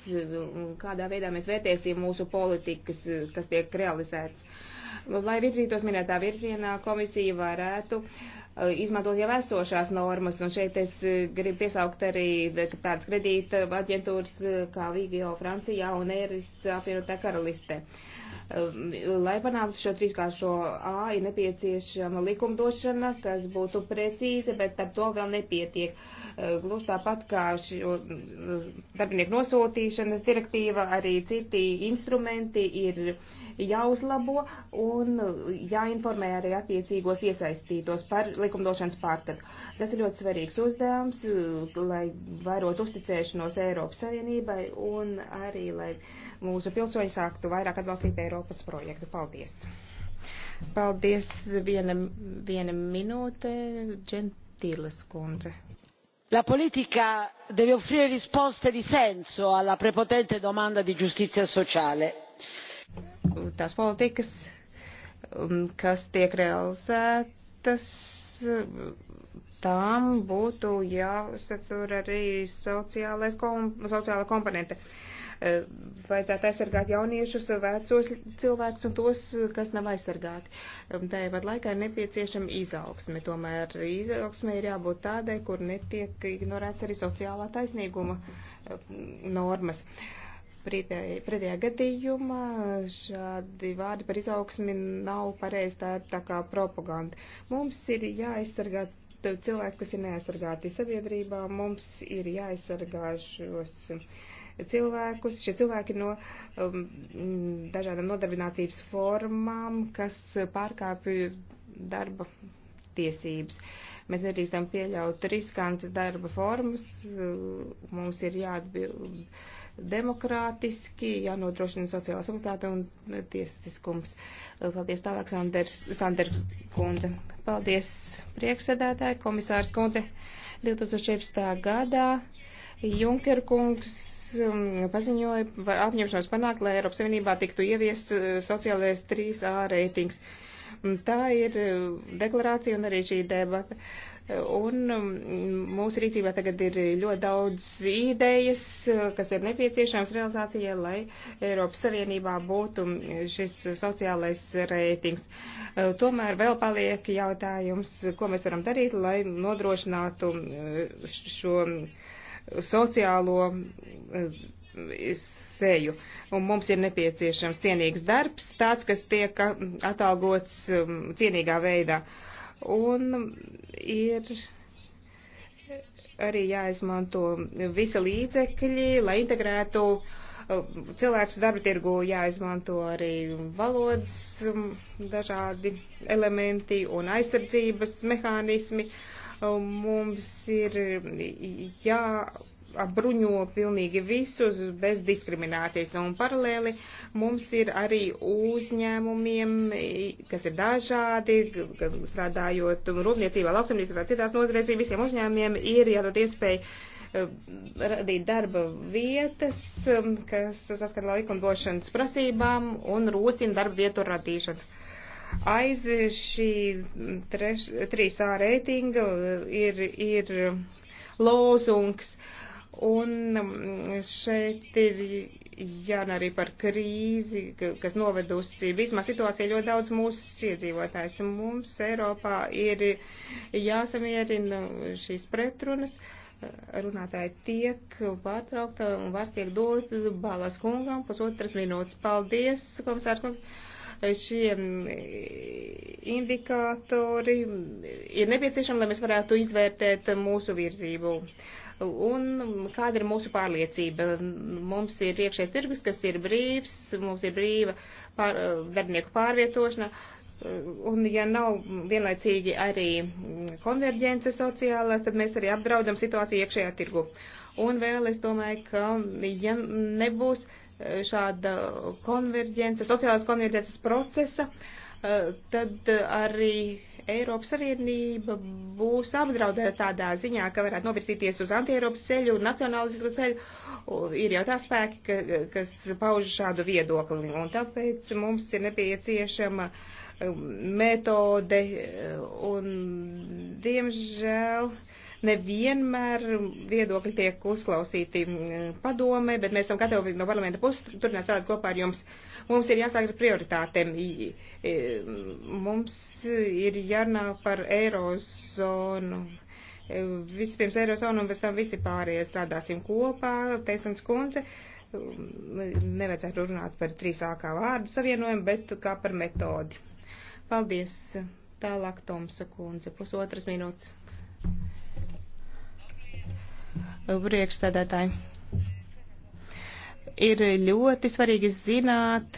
[SPEAKER 3] kādā veidā mēs vērtēsim mūsu politikas, kas tiek realizētas lai virzītos minētā virzienā komisija varētu eh, izmantot jau esošās normas, un šeit es eh, gribu piesaukt arī tādas kredīta aģentūras eh, kā Vigio Francijā un Eris apvienotā karaliste. Uh, Lai panāktu šo trīskāršo A, ir nepieciešama likumdošana, kas būtu precīza, bet ar to vēl nepietiek. Gluži tāpat kā šo darbinieku nosūtīšanas direktīva, arī citi instrumenti ir jāuzlabo un jāinformē arī attiecīgos iesaistītos par likumdošanas pārskatu. Tas ir ļoti svarīgs uzdevums, lai vairot uzticēšanos Eiropas Savienībai un arī, lai mūsu pilsoņi sāktu vairāk atbalstīt Eiropas projektu. Paldies! Paldies! Viena, viena minūte, Džentīles kundze.
[SPEAKER 2] La politica deve offrire risposte di senso alla prepotente domanda di giustizia sociale.
[SPEAKER 3] Tās politikas, um, kas tiek realizētas, tām būtu jāsatur arī sociālais, kom, sociāla komponente. Uh, Eh, vajadzētu aizsargāt jauniešus, vecos cilvēkus un tos, kas nav aizsargāti. Um, tāpat laikā ir nepieciešama izaugsme. Tomēr izaugsme ir jābūt tādai, kur netiek ignorēts arī sociālā taisnīguma eh, normas. Pretējā gadījumā šādi vārdi par izaugsmi nav pareizi, tā ir tā kā propaganda. Mums ir jāaizsargā cilvēki, kas ir neaizsargāti sabiedrībā, mums ir jāaizsargā šos cilvēkus. Šie cilvēki no um, dažādām nodarbinātības formām, kas pārkāpj darba tiesības. Mēs nedrīkstam pieļaut riskantas darba formas, mums ir jāatbild demokrātiski, jānodrošina sociālā solidaritāte un tiesiskums. Paldies tālāk, Sanders, Sanders kundze. Paldies, priekšsēdētāji, komisārs kundze. 2014. gadā Junker kungs Um, paziņoja apņemšanos panākt, lai Eiropas Savienībā tiktu ieviests uh, sociālais 3A reitings. Tā ir uh, deklarācija un arī šī debata. Un um, mūsu rīcībā tagad ir ļoti daudz idejas, uh, kas ir nepieciešams realizācijai, lai Eiropas Savienībā būtu um, šis sociālais reitings. Tomēr vēl paliek jautājums, ko mēs varam darīt, lai nodrošinātu šo sociālo eh, seju. Un mums ir nepieciešams cienīgs darbs, tāds, kas tiek atalgots um, cienīgā veidā. Un ir arī jāizmanto visi līdzekļi, lai integrētu um, cilvēkus darba tirgu, jāizmanto arī valodas um, dažādi elementi un aizsardzības mehānismi. Uh, Mums ir jāapbruņo pilnīgi visus bez diskriminācijas. Nu, un paralēli mums ir arī uzņēmumiem, kas ir dažādi, strādājot rūpniecībā, lauksimniecībā, citās nozarēs, visiem uzņēmumiem ir jādod iespēju eh, radīt darba vietas, um, kas saskana likumdošanas prasībām un rosina darba vietu radīšanu aiz šī treš, 3A reitinga ir, ir lozungs. Un um, šeit ir jāna arī par krīzi, kas novedusi vismaz situācija ļoti daudz mūsu iedzīvotājs. Mums Eiropā ir jāsamierina šīs pretrunas. Runātāji tiek pārtraukta un vārds tiek dot balas kungam pusotras minūtes. Paldies, komisārs kungs šie indikātori ir nepieciešami, lai mēs varētu izvērtēt mūsu virzību. Un kāda ir mūsu pārliecība? Mums ir iekšējais tirgus, kas ir brīvs, mums ir brīva pār, e, darbinieku pārvietošana, un ja nav vienlaicīgi arī konverģence sociālās, tad mēs arī apdraudam situāciju iekšējā tirgu. Un vēl es domāju, ka ja nebūs šāda konverģences, sociālās konverģences procesa, eh, tad arī Eiropas Savienība būs apdraudēta tādā ziņā, ka varētu novirzīties uz anti-Eiropas ceļu, nacionālistisku ceļu. Ir jau tā spēki, ka, kas pauž šādu viedokli, un tāpēc mums ir nepieciešama um, metode, eh, un diemžēl. Uh, nevienmēr viedokļi tiek uzklausīti padomē, bet mēs esam gatavi no parlamenta puses turpināt strādāt kopā ar jums. Mums ir jāsāk ar prioritātēm. E, mums ir jārunā par eirozonu. E, vispirms eirozonu un pēc tam visi pārējie strādāsim kopā. Teisans Kunze nevajadzētu runāt par trīsākā vārdu savienojumu, bet kā par metodi. Paldies! Tālāk Tomsa kundze, pusotras minūtes priekšsēdētāji. Ir ļoti svarīgi zināt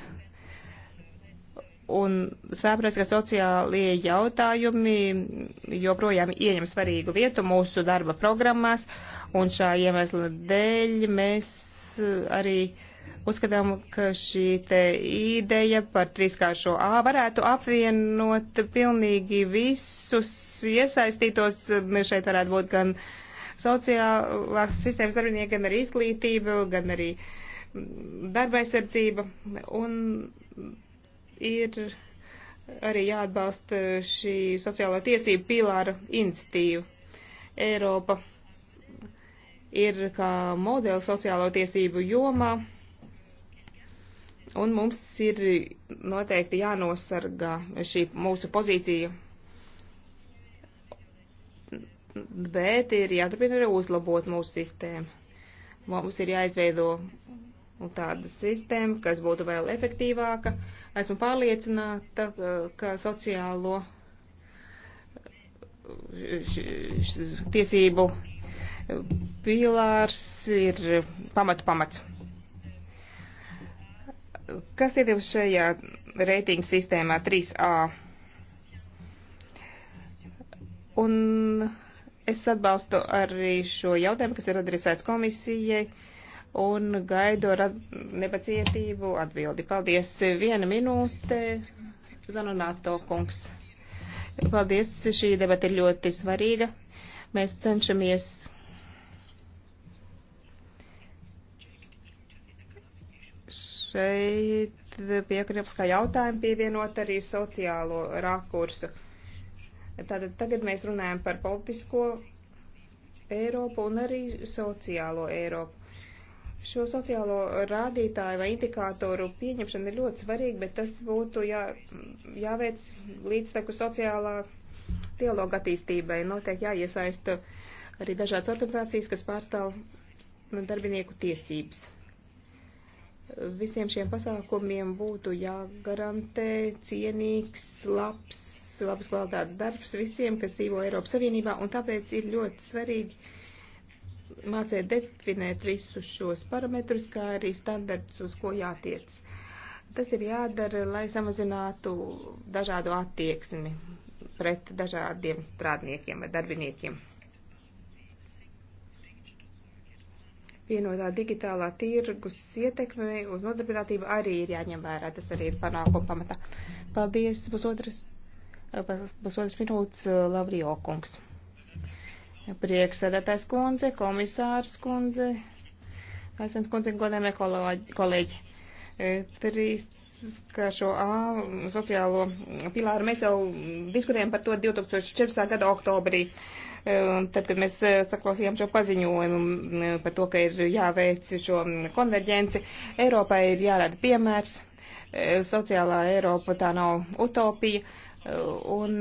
[SPEAKER 3] un saprast, ka sociālie jautājumi joprojām ieņem svarīgu vietu mūsu darba programmās, un šā iemesla dēļ mēs arī uzskatām, ka šī te ideja par trīskāršo A varētu apvienot pilnīgi visus iesaistītos. Mēs šeit varētu būt gan uh, sociālās sistēmas darbinieki, gan arī izglītība, gan arī darba aizsardzība. Un ir arī jāatbalsta šī sociālā tiesība pīlāra iniciatīva. Eiropa ir kā modelis sociālo tiesību jomā un mums ir noteikti jānosargā šī mūsu pozīcija bet ir jāturpina arī uzlabot mūsu sistēmu. Mums ir jāizveido tāda sistēma, kas būtu vēl efektīvāka. Esmu pārliecināta, ka sociālo š, š, tiesību pīlārs ir pamatu pamats. Kas ir šajā reitinga sistēmā 3A? Un Es atbalstu arī šo jautājumu, kas ir adresēts komisijai un gaidu ar nepacietību atbildi. Paldies. Viena minūte, Zanonāto kungs. Paldies. Šī debata ir ļoti svarīga. Mēs cenšamies. Šeit pie ekonomiskā jautājuma pievienot arī sociālo rakursu. Tātad tagad mēs runājam par politisko Eiropu un arī sociālo Eiropu. Šo sociālo rādītāju vai indikātoru pieņemšana ir ļoti svarīga, bet tas būtu jā, jāveic līdzteku sociālā dialoga attīstībai. Noteikti jāiesaista arī dažādas organizācijas, kas pārstāv darbinieku tiesības. Visiem šiem pasākumiem būtu jāgarantē cienīgs, labs labas kvalitātes darbs visiem, kas dzīvo Eiropas Savienībā, un tāpēc ir ļoti svarīgi mācīt definēt visus šos parametrus, kā arī standarts, uz ko jātiec. Tas ir jādara, lai samazinātu dažādu attieksmi pret dažādiem strādniekiem vai darbiniekiem. vienotā digitālā tirgus ietekme uz nodarbinātību arī ir jāņem vērā. Tas arī ir panākuma pamatā. Paldies, pusotras Pusotras minūtes eh, Lavrijo kungs. Priekšsēdētājs kundze, komisārs kundze, Aizsens kundze, godējumie kolēģi. E, trīs ka šo A sociālo pilāru mēs jau diskutējam par to 2014. gada oktobrī. E, tad, kad mēs e, saklausījām šo paziņojumu par to, ka ir jāveic šo konverģenci, Eiropai ir jārada piemērs, sociālā Eiropa tā nav utopija, Un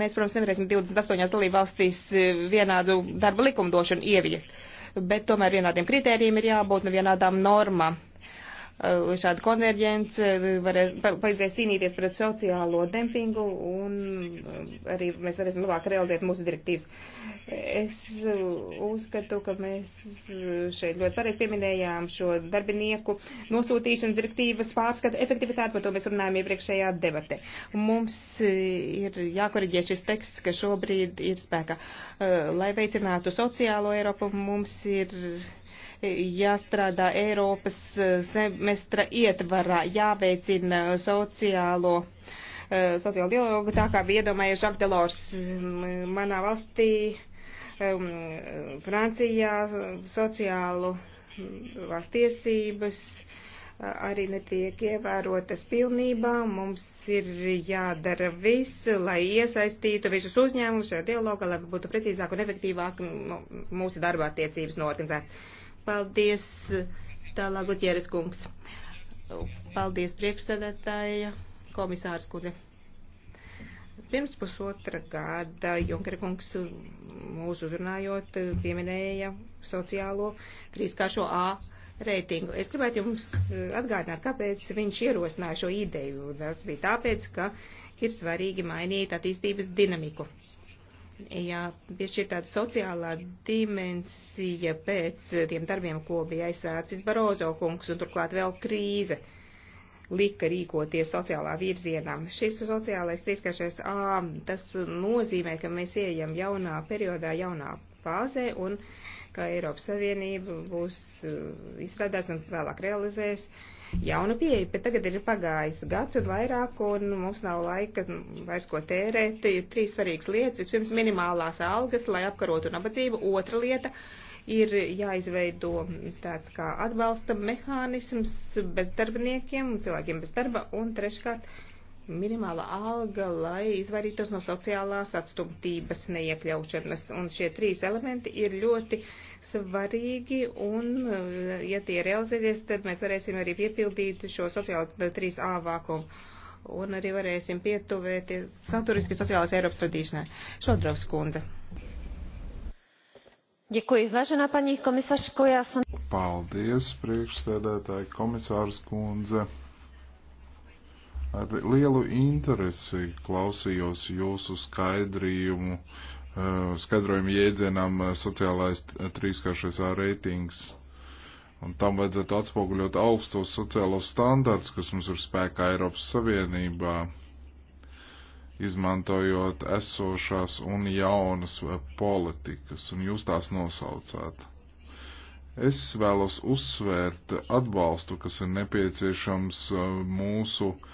[SPEAKER 3] mēs, protams, nevarēsim 28 dalībvalstīs e, vienādu darba likumdošanu ieviest, bet tomēr vienādiem kritērijiem ir jābūt un vienādām normām. Eh, šāda konverģence eh, varēs palīdzēs cīnīties pret sociālo dempingu un eh, arī mēs varēsim labāk realizēt mūsu direktīvas. Es uzskatu, ka mēs šeit ļoti pareizi pieminējām šo darbinieku nosūtīšanas direktīvas pārskata efektivitāti, par to mēs runājām iepriekšējā debate. Mums ir jākoriģē šis teksts, kas šobrīd ir spēkā. Lai veicinātu sociālo Eiropu, mums ir jāstrādā Eiropas eh, semestra ietvarā, jāveicina sociālo eh, sociālo dialogu, tā kā bija iedomājies Žak Delors mm, manā valstī, um, Francijā, sociālu mm, valstiesības eh, arī netiek ievērotas pilnībā. Mums ir jādara viss, lai iesaistītu visus uzņēmumus šajā dialogā, lai būtu precīzāk un efektīvāk nu, mūsu darba attiecības norganizēt. Paldies, tālāk Gutieres kungs. Paldies, priekšsēdētāja, komisārs Kuļa. Pirms pusotra gada Junkera kungs mūsu uzrunājot pieminēja sociālo trīskāršo A reitingu. Es gribētu jums atgādināt, kāpēc viņš ierosināja šo ideju. Tas bija tāpēc, ka ir svarīgi mainīt attīstības dinamiku. Uh, jāpiešķir tāda sociālā dimensija pēc tiem darbiem, ko bija aizsācis Barozo kungs, un turklāt vēl krīze lika rīkoties sociālā virzienā. Šis sociālais trīskāršais A, tas nozīmē, ka mēs ieejam jaunā periodā, jaunā fāzē, un ka Eiropas Savienība būs izstrādās un vēlāk realizēs uh, jauna pieeja, bet tagad ir pagājis gads un vairāk, un mums nav laika vairs ko tērēt. Ir trīs svarīgas lietas. Vispirms minimālās algas, lai apkarotu nabadzību. Otra lieta ir jāizveido tāds kā atbalsta mehānisms bezdarbniekiem, cilvēkiem bez darba, un treškārt minimāla alga, lai izvairītos no sociālās atstumtības neiekļaušanas. Un šie trīs elementi ir ļoti svarīgi, un, eh, ja tie realizēties, tad mēs varēsim arī piepildīt šo sociālo 3A eh, vākumu. Un arī varēsim pietuvēties saturiski sociālās Eiropas radīšanai. Šodrovs kundze.
[SPEAKER 1] Děkuji, vážená paní komisařko, já jsem...
[SPEAKER 5] Paldies, priekšsēdētāji komisārs kundze. Ar lielu interesi klausījos jūsu skaidrījumu, eh, skaidrojumu jēdzienam eh, sociālais trīskāršais A reitings. Un tam vajadzētu atspoguļot augstos sociālos standarts, kas mums ir spēkā Eiropas Savienībā, izmantojot esošās un jaunas eh, politikas, un jūs tās nosaucāt. Es vēlos uzsvērt atbalstu, kas ir nepieciešams mūsu uh,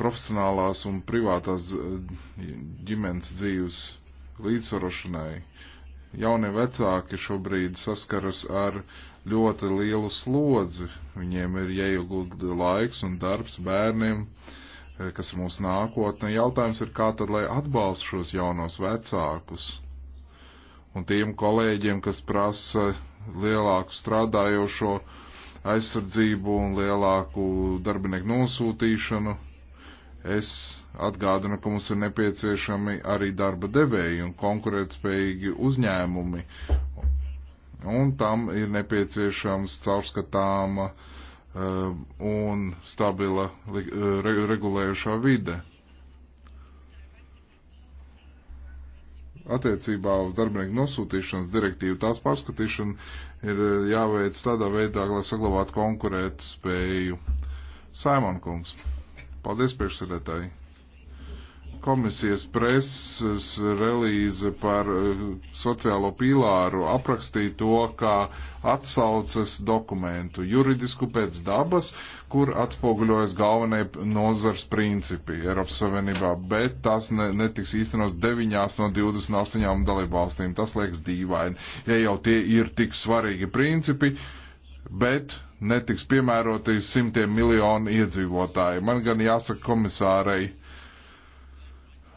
[SPEAKER 5] profesionālās un privātās eh, ģimenes dzīves līdzsvarošanai. Jaunie vecāki šobrīd saskaras ar ļoti lielu slodzi. Viņiem ir jāiegulda laiks un darbs bērniem, eh, kas ir mūsu nākotne. Jautājums ir, kā tad, lai atbalst šos jaunos vecākus? Un tiem kolēģiem, kas prasa lielāku strādājošo aizsardzību un lielāku darbinieku nosūtīšanu, Es atgādinu, ka mums ir nepieciešami arī darba devēji un konkurētspējīgi uzņēmumi, un tam ir nepieciešams caurskatāma uh, un stabila eh, re, regulējušā vide. attiecībā uz darbinieku nosūtīšanas direktīvu, tās pārskatīšana ir eh, jāveic tādā veidā, lai saglabātu konkurēt spēju. Saimon kungs. Paldies, priekšsēdētāji. Komisijas preses relīze par eh, sociālo pīlāru aprakstīja to kā atsauces dokumentu, juridisku pēc dabas, kur atspoguļojas galvenie nozars principi Eiropas Savienībā, bet tas ne, netiks īstenos 9 no 28 dalībvalstīm. Tas liekas dīvaini, ja jau tie ir tik svarīgi principi. Uh, bet netiks piemēroti simtiem miljonu iedzīvotāju. Man gan jāsaka komisārei,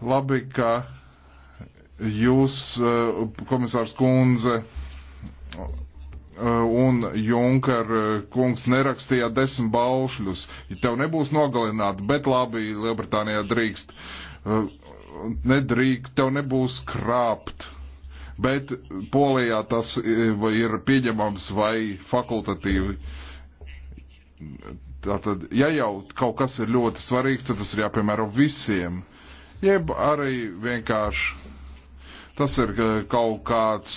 [SPEAKER 5] labi, ka jūs, eh, komisārs Kunze eh, un Junker eh, kungs nerakstījāt desmit baušļus. Tev nebūs nogalināti, bet labi, Lielbritānijā drīkst. Nedrīkst, tev nebūs krāpt bet Polijā tas e, ir pieņemams vai fakultatīvi. Tātad, ja jau kaut kas ir ļoti svarīgs, tad tas ir jāpiemēro visiem. Jeb arī vienkārši tas ir e, kaut kāds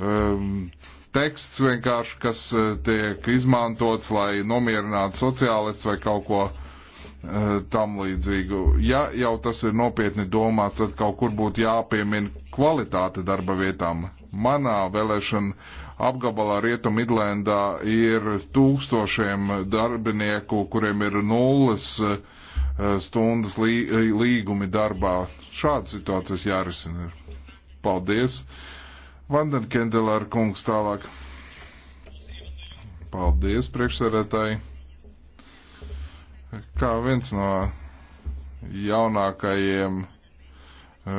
[SPEAKER 5] um, teksts vienkārši, kas e, tiek izmantots, lai nomierinātu sociālistu vai kaut ko uh, Eh, tam līdzīgu. Ja jau tas ir nopietni domāts, tad kaut kur būtu jāpiemina kvalitāte darba vietām. Manā vēlēšana apgabalā Rietumidlendā ir tūkstošiem darbinieku, kuriem ir nulles eh, stundas lī, līgumi darbā. Šāda situācijas jārisina. Paldies. Vandenkendelāra kungs tālāk. Paldies, priekšsēdētāji kā viens no jaunākajiem eh,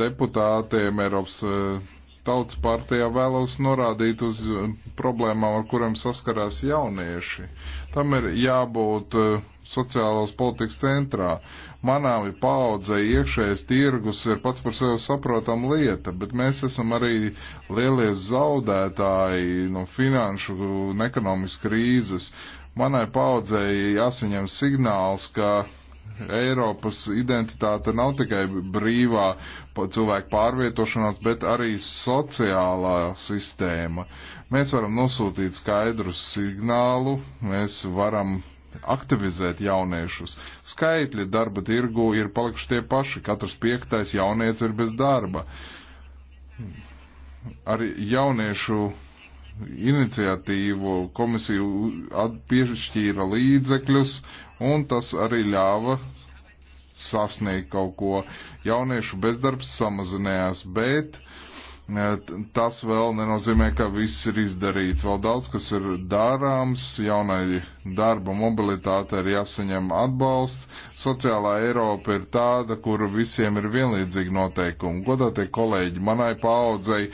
[SPEAKER 5] deputātiem Eiropas eh, Tautas partijā vēlos norādīt uz eh, problēmām, ar kurām saskarās jaunieši. Tam ir jābūt sociālās politikas centrā. Manāmi paudze iekšējais tirgus ir pats par sevi saprotam lieta, bet mēs esam arī lielie zaudētāji no finanšu un ekonomiskas krīzes. Manai paudzei jāsaņem signāls, ka Eiropas identitāte nav tikai brīvā cilvēku pārvietošanās, bet arī sociālā sistēma. Mēs varam nosūtīt skaidru signālu, mēs varam aktivizēt jauniešus. Skaitļi darba tirgu ir palikuši tie paši, katrs piektais jaunieci ir bez darba. Arī jauniešu iniciatīvu komisija piešķīra līdzekļus, un tas arī ļāva sasniegt kaut ko. Jauniešu bezdarbs samazinājās, bet e, tas vēl nenozīmē, ka viss ir izdarīts. Vēl daudz, kas ir darāms, jaunai darba mobilitāte ir jāsaņem atbalsts. Sociālā Eiropa ir tāda, kur visiem ir vienlīdzīgi noteikumi. Godātie kolēģi, manai paaudzei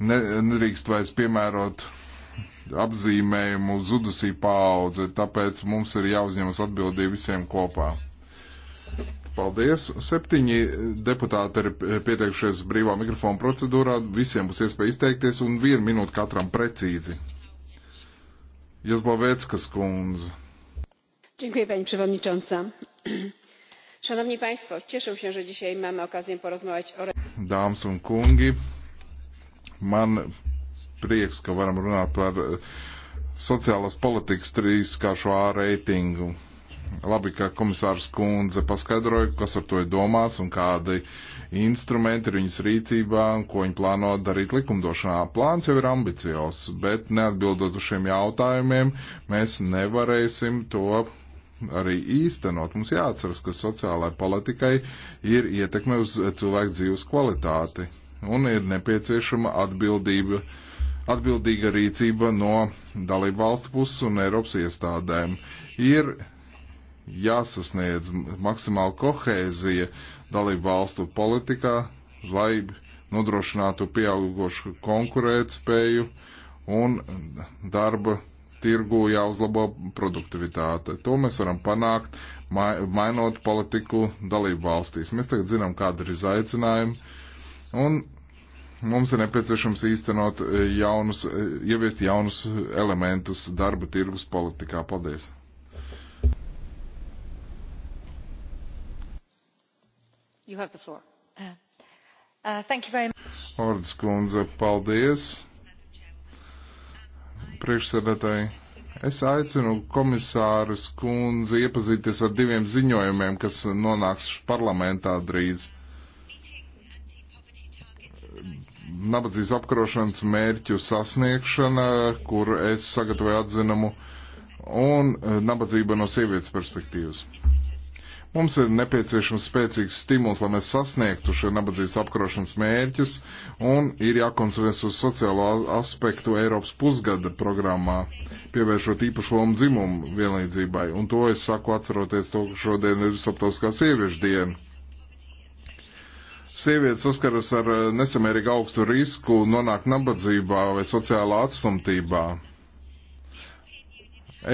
[SPEAKER 5] Nedrīkst vairs piemērot apzīmējumu zudusī paudze, tāpēc mums ir jāuzņemas atbildība visiem kopā. Paldies. Septiņi deputāti ir pieteikušies brīvā mikrofona procedūrā. Visiem būs iespēja izteikties un vienu minūtu katram precīzi. Jazlavēckas kundze.
[SPEAKER 1] Dziękuję pani przewodnicząca. Szanowni państwo, cieszę się, że dzisiaj mamy okazję porozmawiać o
[SPEAKER 5] Dāmas un kungi, Man prieks, ka varam runāt par eh, sociālās politikas trīskāršo A reitingu. Labi, ka komisārs Kundze paskaidroja, kas ar to ir domāts un kādi instrumenti ir viņas rīcībā un ko viņa plāno darīt likumdošanā. Plāns jau ir ambiciozs, bet neatbildot uz šiem jautājumiem, mēs nevarēsim to arī īstenot. Mums jāatceras, ka sociālai politikai ir ietekme uz cilvēku dzīves kvalitāti un ir nepieciešama atbildība, atbildīga rīcība no dalību valstu puses un Eiropas iestādēm. Ir jāsasniedz maksimāla kohēzija dalību valstu politikā, lai nodrošinātu pieaugušu konkurētspēju un darba tirgu jāuzlabo produktivitāte. To mēs varam panākt, mainot politiku dalību valstīs. Mēs tagad zinām, kāda ir izaicinājuma Un mums ir nepieciešams īstenot e, jaunus, e, ieviest jaunus elementus darba tirgus politikā. Paldies!
[SPEAKER 1] You have the floor. Uh, thank you very much.
[SPEAKER 5] Ordas kundze, paldies. Priekšsēdētāji, es aicinu komisāru skundzi iepazīties ar diviem ziņojumiem, kas nonāks parlamentā drīz. Uh, nabadzības apkarošanas mērķu sasniegšana, kur es sagatavoju atzinumu, un e, nabadzība no sievietes perspektīvas. Mums ir nepieciešams spēcīgs stimuls, lai mēs sasniegtu šo nabadzības apkarošanas mērķus, un ir jākoncentrēs uz sociālo aspektu Eiropas pusgada programmā, pievēršot īpašu lomu dzimumu vienlīdzībai. Un to es saku atceroties to, ka šodien ir starptautiskā sieviešu diena. Sievietes saskaras ar eh, nesamērīgi augstu risku nonākt nabadzībā vai sociālā atstumtībā.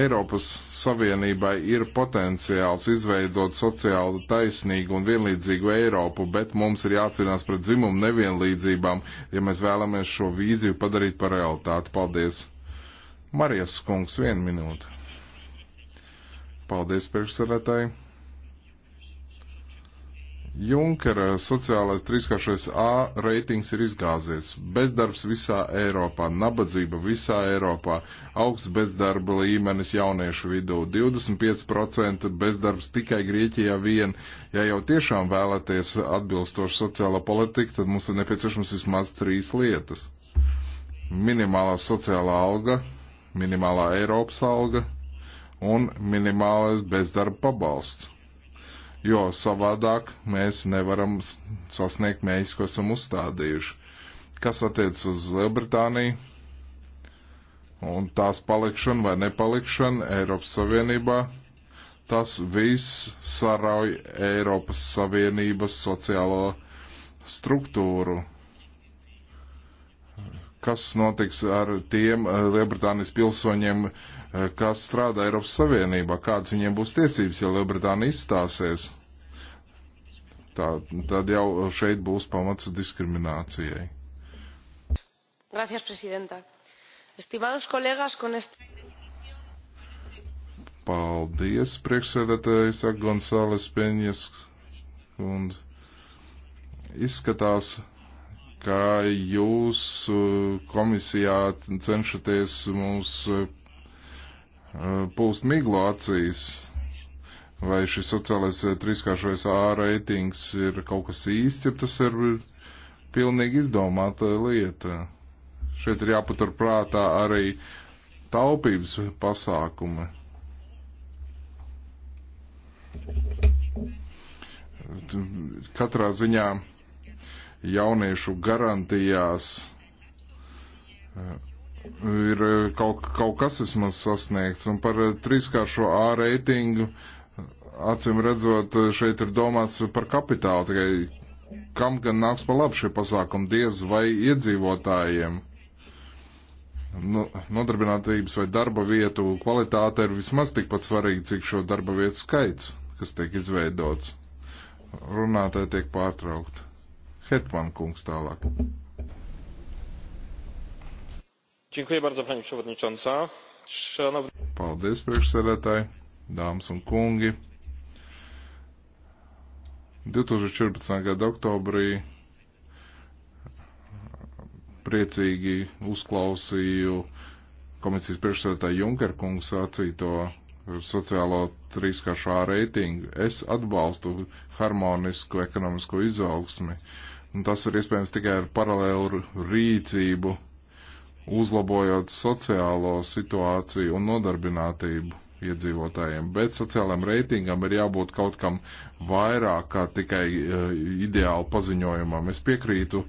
[SPEAKER 5] Eiropas Savienībai ir potenciāls izveidot sociāli taisnīgu un vienlīdzīgu Eiropu, bet mums ir jācīnās pret dzimumu nevienlīdzībām, ja mēs vēlamies šo vīziju padarīt par realitāti. Paldies! Marijas kungs, vienu minūtu. Paldies, priekšsēdētāji! Junkera sociālais trīskāršais A reitings ir izgāzies. Bezdarbs visā Eiropā, nabadzība visā Eiropā, augsts bezdarba līmenis jauniešu vidū, 25% bezdarbs tikai Grieķijā vien. Ja jau tiešām vēlaties atbilstošu sociālo politiku, tad mums ir nepieciešams vismaz trīs lietas. Minimālā sociālā alga, minimālā Eiropas alga un minimālais bezdarba pabalsts jo savādāk mēs nevaram sasniegt mērķus, ko esam uzstādījuši. Kas attiec uz Lielbritāniju un tās palikšanu vai nepalikšanu Eiropas Savienībā, tas viss sarauj Eiropas Savienības sociālo struktūru kas notiks ar tiem eh, Lielbritānijas pilsoņiem, eh, kas strādā Eiropas Savienībā, kādas viņiem būs tiesības, ja Lielbritānija izstāsies. Tā, tad jau šeit būs pamats diskriminācijai.
[SPEAKER 1] Gracias, presidenta. Estimados colegas, con este...
[SPEAKER 5] Paldies, priekšsēdētāji, saka Gonzāles Peņas. Un izskatās, ka jūs eh, komisijā cenšaties mūs eh, pūst miglu acīs, vai šis sociālais eh, trīskāršais A reitings ir kaut kas īsts, ja tas ir pilnīgi izdomāta lieta. Šeit ir jāpatur prātā arī taupības pasākumi. Katrā ziņā jauniešu garantijās eh, ir eh, kaut, kaut kas vismaz sasniegts. Un par trīskāršo A reitingu, acīm redzot, šeit ir domāts par kapitālu, tikai kam gan nāks pa labu šie pasākumi, diez vai iedzīvotājiem. Nu, nodarbinātības vai darba vietu kvalitāte ir vismaz tikpat svarīga, cik šo darba vietu skaits, kas tiek izveidots. Runātāji tiek pārtraukti. Hetman kungs tālāk. Paldies, priekšsēdētāji, dāmas un kungi. 2014. gada oktobrī priecīgi uzklausīju komisijas priekšsēdētāja Junker kungs sacīto sociālo trīskāršā reitingu. Es atbalstu harmonisku ekonomisko izaugsmi Un tas ir iespējams tikai ar paralēlu rīcību, uzlabojot sociālo situāciju un nodarbinātību iedzīvotājiem. Bet sociālajam reitingam ir jābūt kaut kam vairāk kā tikai uh, eh, ideāli paziņojumam. Es piekrītu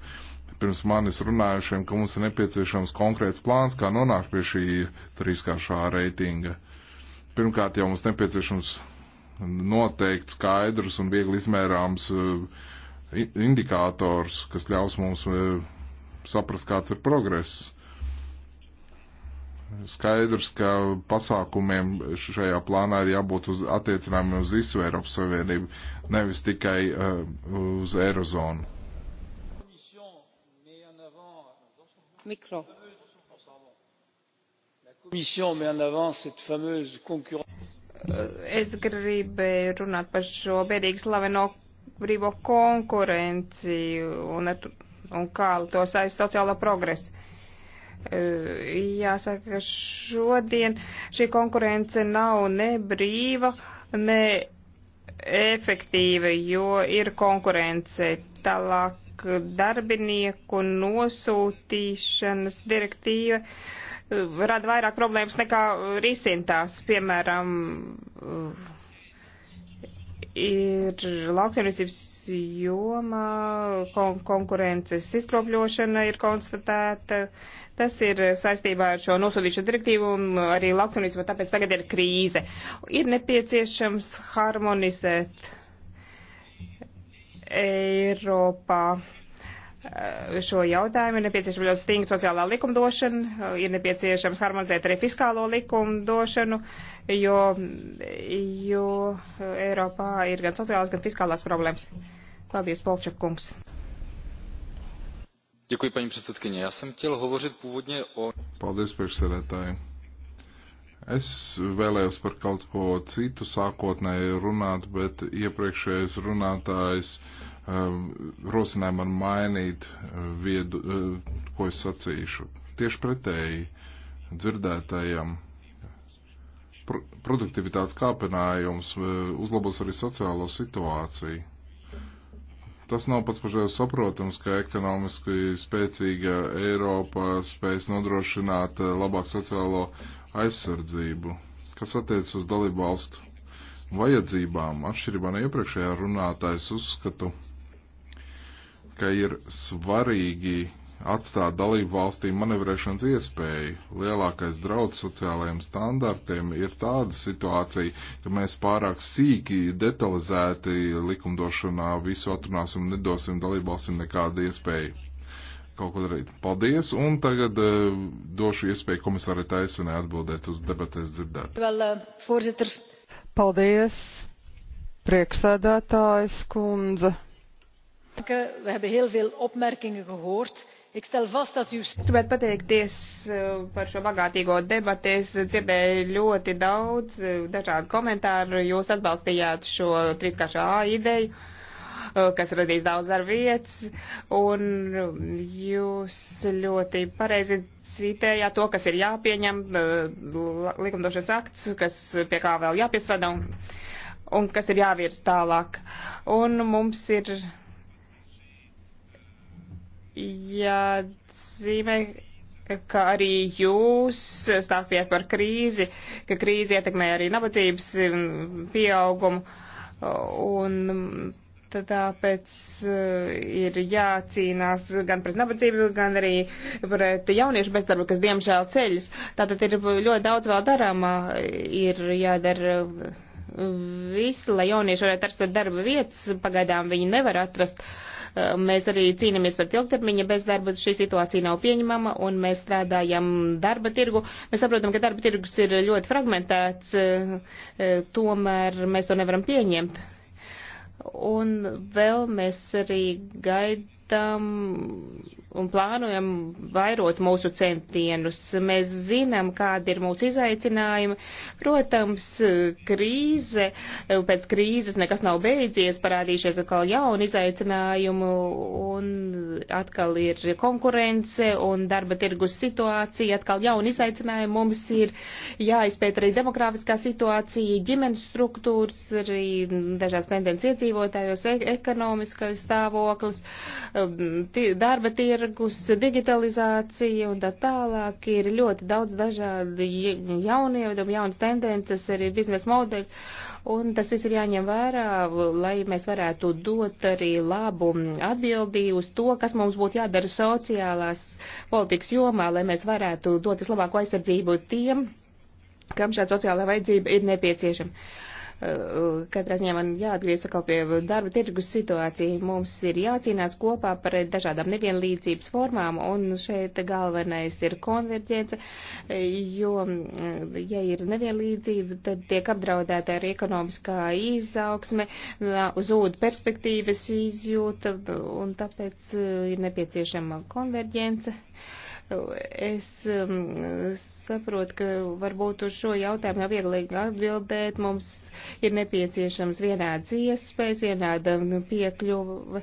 [SPEAKER 5] pirms manis runājušiem, ka mums ir nepieciešams konkrēts plāns, kā nonākt pie šī trīskāršā reitinga. Pirmkārt, jau mums nepieciešams noteikt skaidrs un viegli izmērāms uh, indikātors, kas ļaus mums e, saprast, kāds ir progress. Skaidrs, ka pasākumiem šajā plānā ir jābūt uz, attiecināmi uz visu Eiropas Savienību, nevis tikai uh, uz Eirozonu.
[SPEAKER 2] Mikro.
[SPEAKER 3] Es gribēju runāt par šo bēdīgi slaveno brīvo konkurenci un, un kā to saist sociālā progresa. E, jāsaka, ka šodien šī konkurence nav ne brīva, ne efektīva, jo ir konkurence tālāk darbinieku nosūtīšanas direktīva e, rada vairāk problēmas nekā risintās, piemēram, ir lauksaimniecības jomā kon konkurences izkropļošana ir konstatēta. Tas ir saistībā ar šo nosodīšanu direktīvu un arī lauksaimniecību, tāpēc tagad ir krīze. Ir nepieciešams harmonizēt Eiropā eh, šo jautājumu. Ir nepieciešama ļoti stingra sociālā likumdošana, ir nepieciešams harmonizēt arī fiskālo likumdošanu. Uh, jo, jo Eiropā ir gan sociālās, gan fiskālās problēmas. Paldies, Polčakungs.
[SPEAKER 1] Děkuji, paní předsedkyně. Já jsem chtěl hovořit původně
[SPEAKER 5] o... Paldies, priekšsēdētāji. Es vēlējos par kaut ko citu sākotnēji runāt, bet iepriekšējais runātājs um, rosināja man mainīt uh, viedu, uh, ko es sacīšu. Tieši pretēji dzirdētājiem produktivitātes kāpinājums e, uzlabos arī sociālo situāciju. Tas nav pats par sevi saprotams, ka ekonomiski spēcīga Eiropa spēs nodrošināt e, labāku sociālo aizsardzību, kas attiec uz dalību valstu vajadzībām. Atšķirībā no iepriekšējā runātājs uzskatu, ka ir svarīgi atstāt dalību valstīm manevrēšanas iespēju. Lielākais draudz sociālajiem standartiem ir tāda situācija, ka mēs pārāk sīki, detalizēti likumdošanā visu atrunāsim un nedosim dalību valstīm nekādu iespēju kaut ko darīt. Paldies, un tagad uh, došu iespēju komisārai Taisenai atbildēt uz debatēs dzirdēt.
[SPEAKER 4] Vēl, uh, Paldies, priekšsēdētājs kundze.
[SPEAKER 1] We hebben heel veel opmerkingen gehoord. Gribētu pateikties
[SPEAKER 3] eh, par šo bagātīgo debati. Es dzirdēju ļoti daudz eh, dažādu komentāru. Jūs atbalstījāt šo trīskāršā A ideju, eh, kas radīs daudz ar vietas, un jūs ļoti pareizi citējāt to, kas ir jāpieņem, likumdošanas akts, kas pie kā vēl jāpiestrādā un, un kas ir jāvirs tālāk. Un mums ir jāatzīmē, ka arī jūs stāstījāt par krīzi, ka krīze ietekmē arī nabadzības mm, pieaugumu, un tāpēc eh, ir jācīnās gan pret nabadzību, gan arī pret jauniešu bezdarbu, kas diemžēl ceļas. Tātad ir ļoti daudz vēl darāmā, ir jādara viss, lai jaunieši varētu atrast darba vietas, pagaidām viņi nevar atrast. Uh, Ehm, mēs arī cīnāmies pret ilgtermiņa bezdarbu, šī situācija nav pieņemama un mēs strādājam darba tirgu. Mēs saprotam, ka darba tirgus ir ļoti fragmentēts, eh, tomēr mēs to nevaram pieņemt. Un vēl mēs arī gaidām un plānojam vairot mūsu centienus. Mēs zinām, kādi ir mūsu izaicinājumi. Protams, krīze, pēc krīzes nekas nav beidzies, parādījušies atkal jauni izaicinājumi un atkal ir konkurence un darba tirgus situācija, atkal jauni izaicinājumi. Mums ir jāizpēt arī demografiskā situācija, ģimenes struktūras, arī dažās tendences iedzīvotājos, e-, ekonomiskais stāvoklis, um, darba tirgus tirgus, digitalizācija un tā tālāk ir ļoti daudz dažādi jaunievedumi, jaunas tendences, arī biznesa modeļi, un tas viss ir jāņem vērā, lai mēs varētu dot arī labu atbildību uz to, kas mums būtu jādara sociālās politikas jomā, lai mēs varētu dot vislabāko aizsardzību tiem, kam šāda sociālā vajadzība ir nepieciešama. Eh, katrā ziņā man jāatgriez atkal pie darba tirgus situācija. Mums ir jācīnās kopā par dažādām nevienlīdzības formām, un šeit galvenais ir konverģence, jo, eh, ja ir nevienlīdzība, tad tiek apdraudēta arī ekonomiskā izaugsme, zūd perspektīvas izjūta, un tāpēc eh, ir nepieciešama konverģence. Uh, Es um, saprotu, ka varbūt uz šo jautājumu nav viegli atbildēt. Mums ir nepieciešams vienādas iespējas, vienāda piekļuva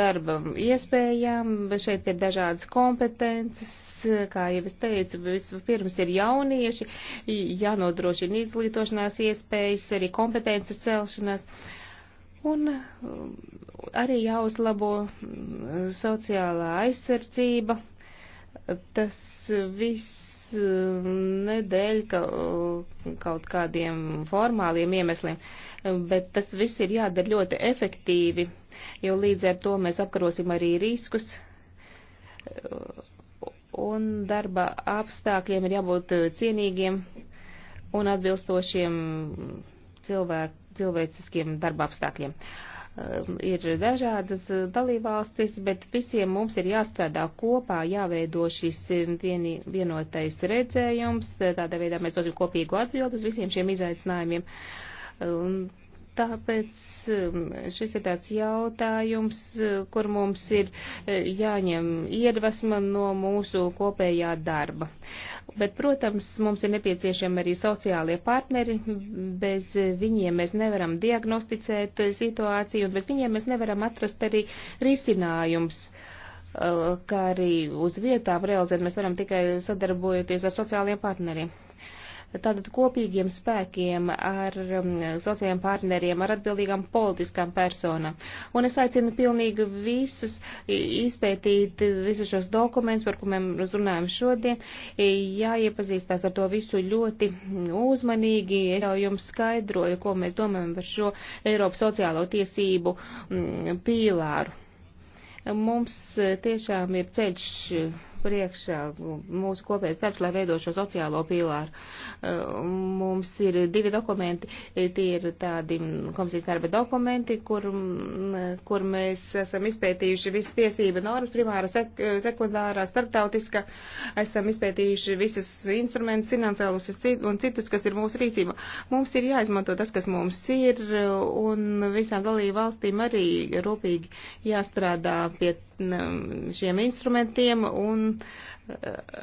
[SPEAKER 3] darba iespējām. Šeit ir dažādas kompetences. Kā jau es teicu, vispirms ir jaunieši, jānodrošina izglītošanās iespējas, arī kompetences celšanās. Un um, arī jāuzlabo mm, sociālā aizsardzība Tas viss mm, nedēļ kaut kādiem formāliem iemesliem, bet tas viss ir jādara ļoti efektīvi, jo līdz ar to mēs apkarosim arī riskus un darba apstākļiem ir jābūt cienīgiem un atbilstošiem cilvēku cilvēciskiem darba apstākļiem. Uh, Um, ir dažādas uh, dalībvalstis, bet visiem mums ir jāstrādā kopā, jāveido šis um, vieni, vienotais redzējums, tādā veidā mēs dosim kopīgu atbildi uz visiem šiem izaicinājumiem. Un um, Tāpēc um, šis ir tāds jautājums, kur mums ir eh, jāņem iedvesma no mūsu kopējā darba. Bet, protams, mums ir nepieciešami arī sociālie partneri. Bez viņiem mēs nevaram diagnosticēt situāciju, un bez viņiem mēs nevaram atrast arī risinājums eh, kā arī uz vietām realizēt, mēs varam tikai sadarbojoties ar sociālajiem partneriem. Uh, Tātad kopīgiem spēkiem ar um, sociālajiem partneriem, ar atbildīgām politiskām personām. Un es aicinu pilnīgi visus izpētīt visus šos dokumentus, par kuriem mēs runājam šodien. Jāiepazīstās ar to visu ļoti uzmanīgi. Es jau jums skaidroju, ko mēs domājam par šo Eiropas sociālo tiesību mm, pīlāru mums tiešām ir ceļš priekšā mūsu kopējais darbs, lai veido šo sociālo pīlāru. Uh, mums ir divi dokumenti, tie ir tādi komisijas darba dokumenti, kur, mm, kur mēs esam izpētījuši visas tiesība normas, primāra, sek sekundārā, starptautiska, esam izpētījuši visus instrumentus, finansiālus un citus, kas ir mūsu rīcība. Mums ir jāizmanto tas, kas mums ir, un visām dalību valstīm arī rūpīgi jāstrādā pie šiem instrumentiem, un eh,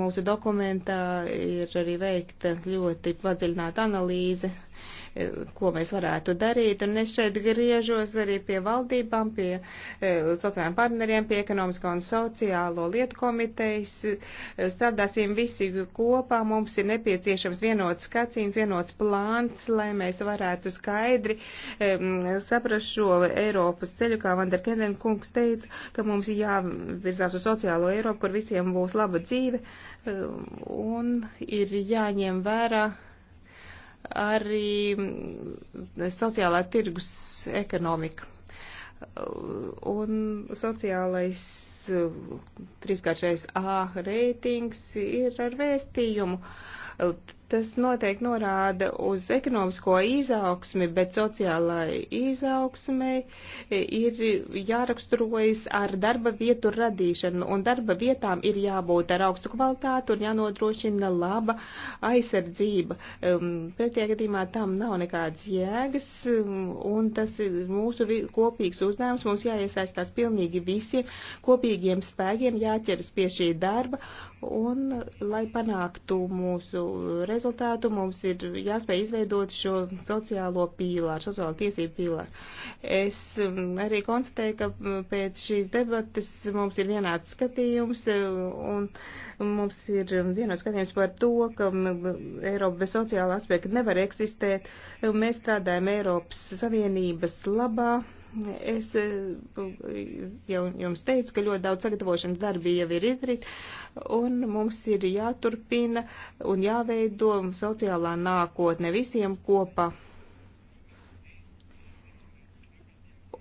[SPEAKER 3] mūsu dokumentā ir arī veikta ļoti padziļināta analīze ko mēs varētu darīt. Un es šeit griežos arī pie valdībām, pie e, sociālajiem partneriem, pie ekonomiskā un sociālo lietu komitejas. E, strādāsim visi kopā. Mums ir nepieciešams vienots skacījums, vienots plāns, lai mēs varētu skaidri e, saprast šo Eiropas ceļu, kā Vanderkenden kungs teica, ka mums jāvirzās uz sociālo Eiropu, kur visiem būs laba dzīve. Un ir jāņem vērā arī mm, sociālā tirgus ekonomika. Un sociālais mm, trīskāršais A reitings ir ar vēstījumu. Tas noteikti norāda uz ekonomisko izaugsmi, bet sociālai izaugsmei ir jāraksturojas ar darba vietu radīšanu, un darba vietām ir jābūt ar augstu kvalitātu un jānodrošina laba aizsardzība. Um, pretējā gadījumā tam nav nekādas jēgas, um, un tas ir mūsu kopīgs uzdevums. Mums jāiesaistās pilnīgi visiem kopīgiem spēkiem, jāķeras pie šī darba, un lai panāktu mūsu rezultātu rezultātu mums ir jāspēj izveidot šo sociālo pīlāru, sociālo tiesību pīlāru. Es mm, arī konstatēju, ka mm, pēc šīs debates mums ir vienāds skatījums mm, un mums ir vienāds skatījums par to, ka Eiropa bez sociāla aspekta nevar eksistēt. Mēs strādājam Eiropas Savienības labā Es eh, jau jums teicu, ka ļoti daudz sagatavošanas darbi jau ir izdarīti, un mums ir jāturpina un jāveido sociālā nākotne visiem kopā.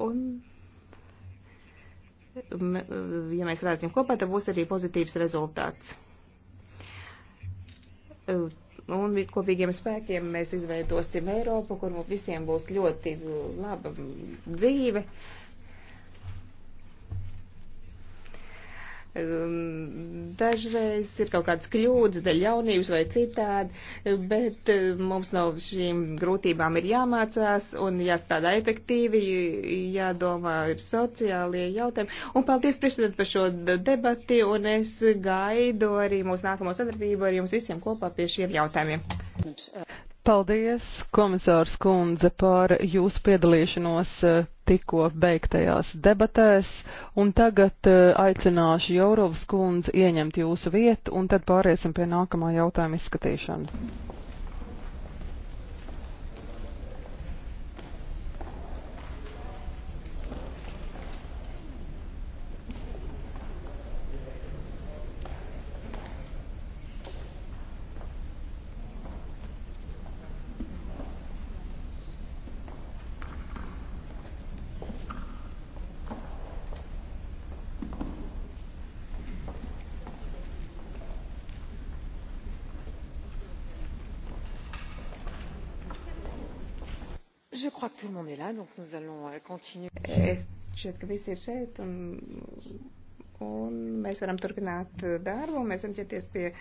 [SPEAKER 3] Un, ja mēs redzam kopā, tad būs arī pozitīvs rezultāts Un kopīgiem spēkiem mēs izveidosim Eiropu, kur mums visiem būs ļoti uh, laba mm, dzīve. Uh, Ehm, dažreiz ir kaut kādas kļūdas, daļa jaunības vai citādi, bet eh, mums no šīm grūtībām ir jāmācās un jāstrādā efektīvi, jādomā ir sociālie jautājumi. Un paldies priekšsēdēt par šo debati un es gaidu arī mūsu nākamo sadarbību ar jums visiem kopā pie šiem jautājumiem.
[SPEAKER 4] Paldies, komisārs kundze, par jūsu piedalīšanos eh, tikko beigtajās debatēs, un tagad eh, aicināšu Jaurovas kundzi ieņemt jūsu vietu, un tad pāriesim pie nākamā jautājuma izskatīšana.
[SPEAKER 3] Euh, šķiet, ka visi ir
[SPEAKER 2] šeit, un, un mēs varam turpināt uh, darbu, mēs varam ķerties pie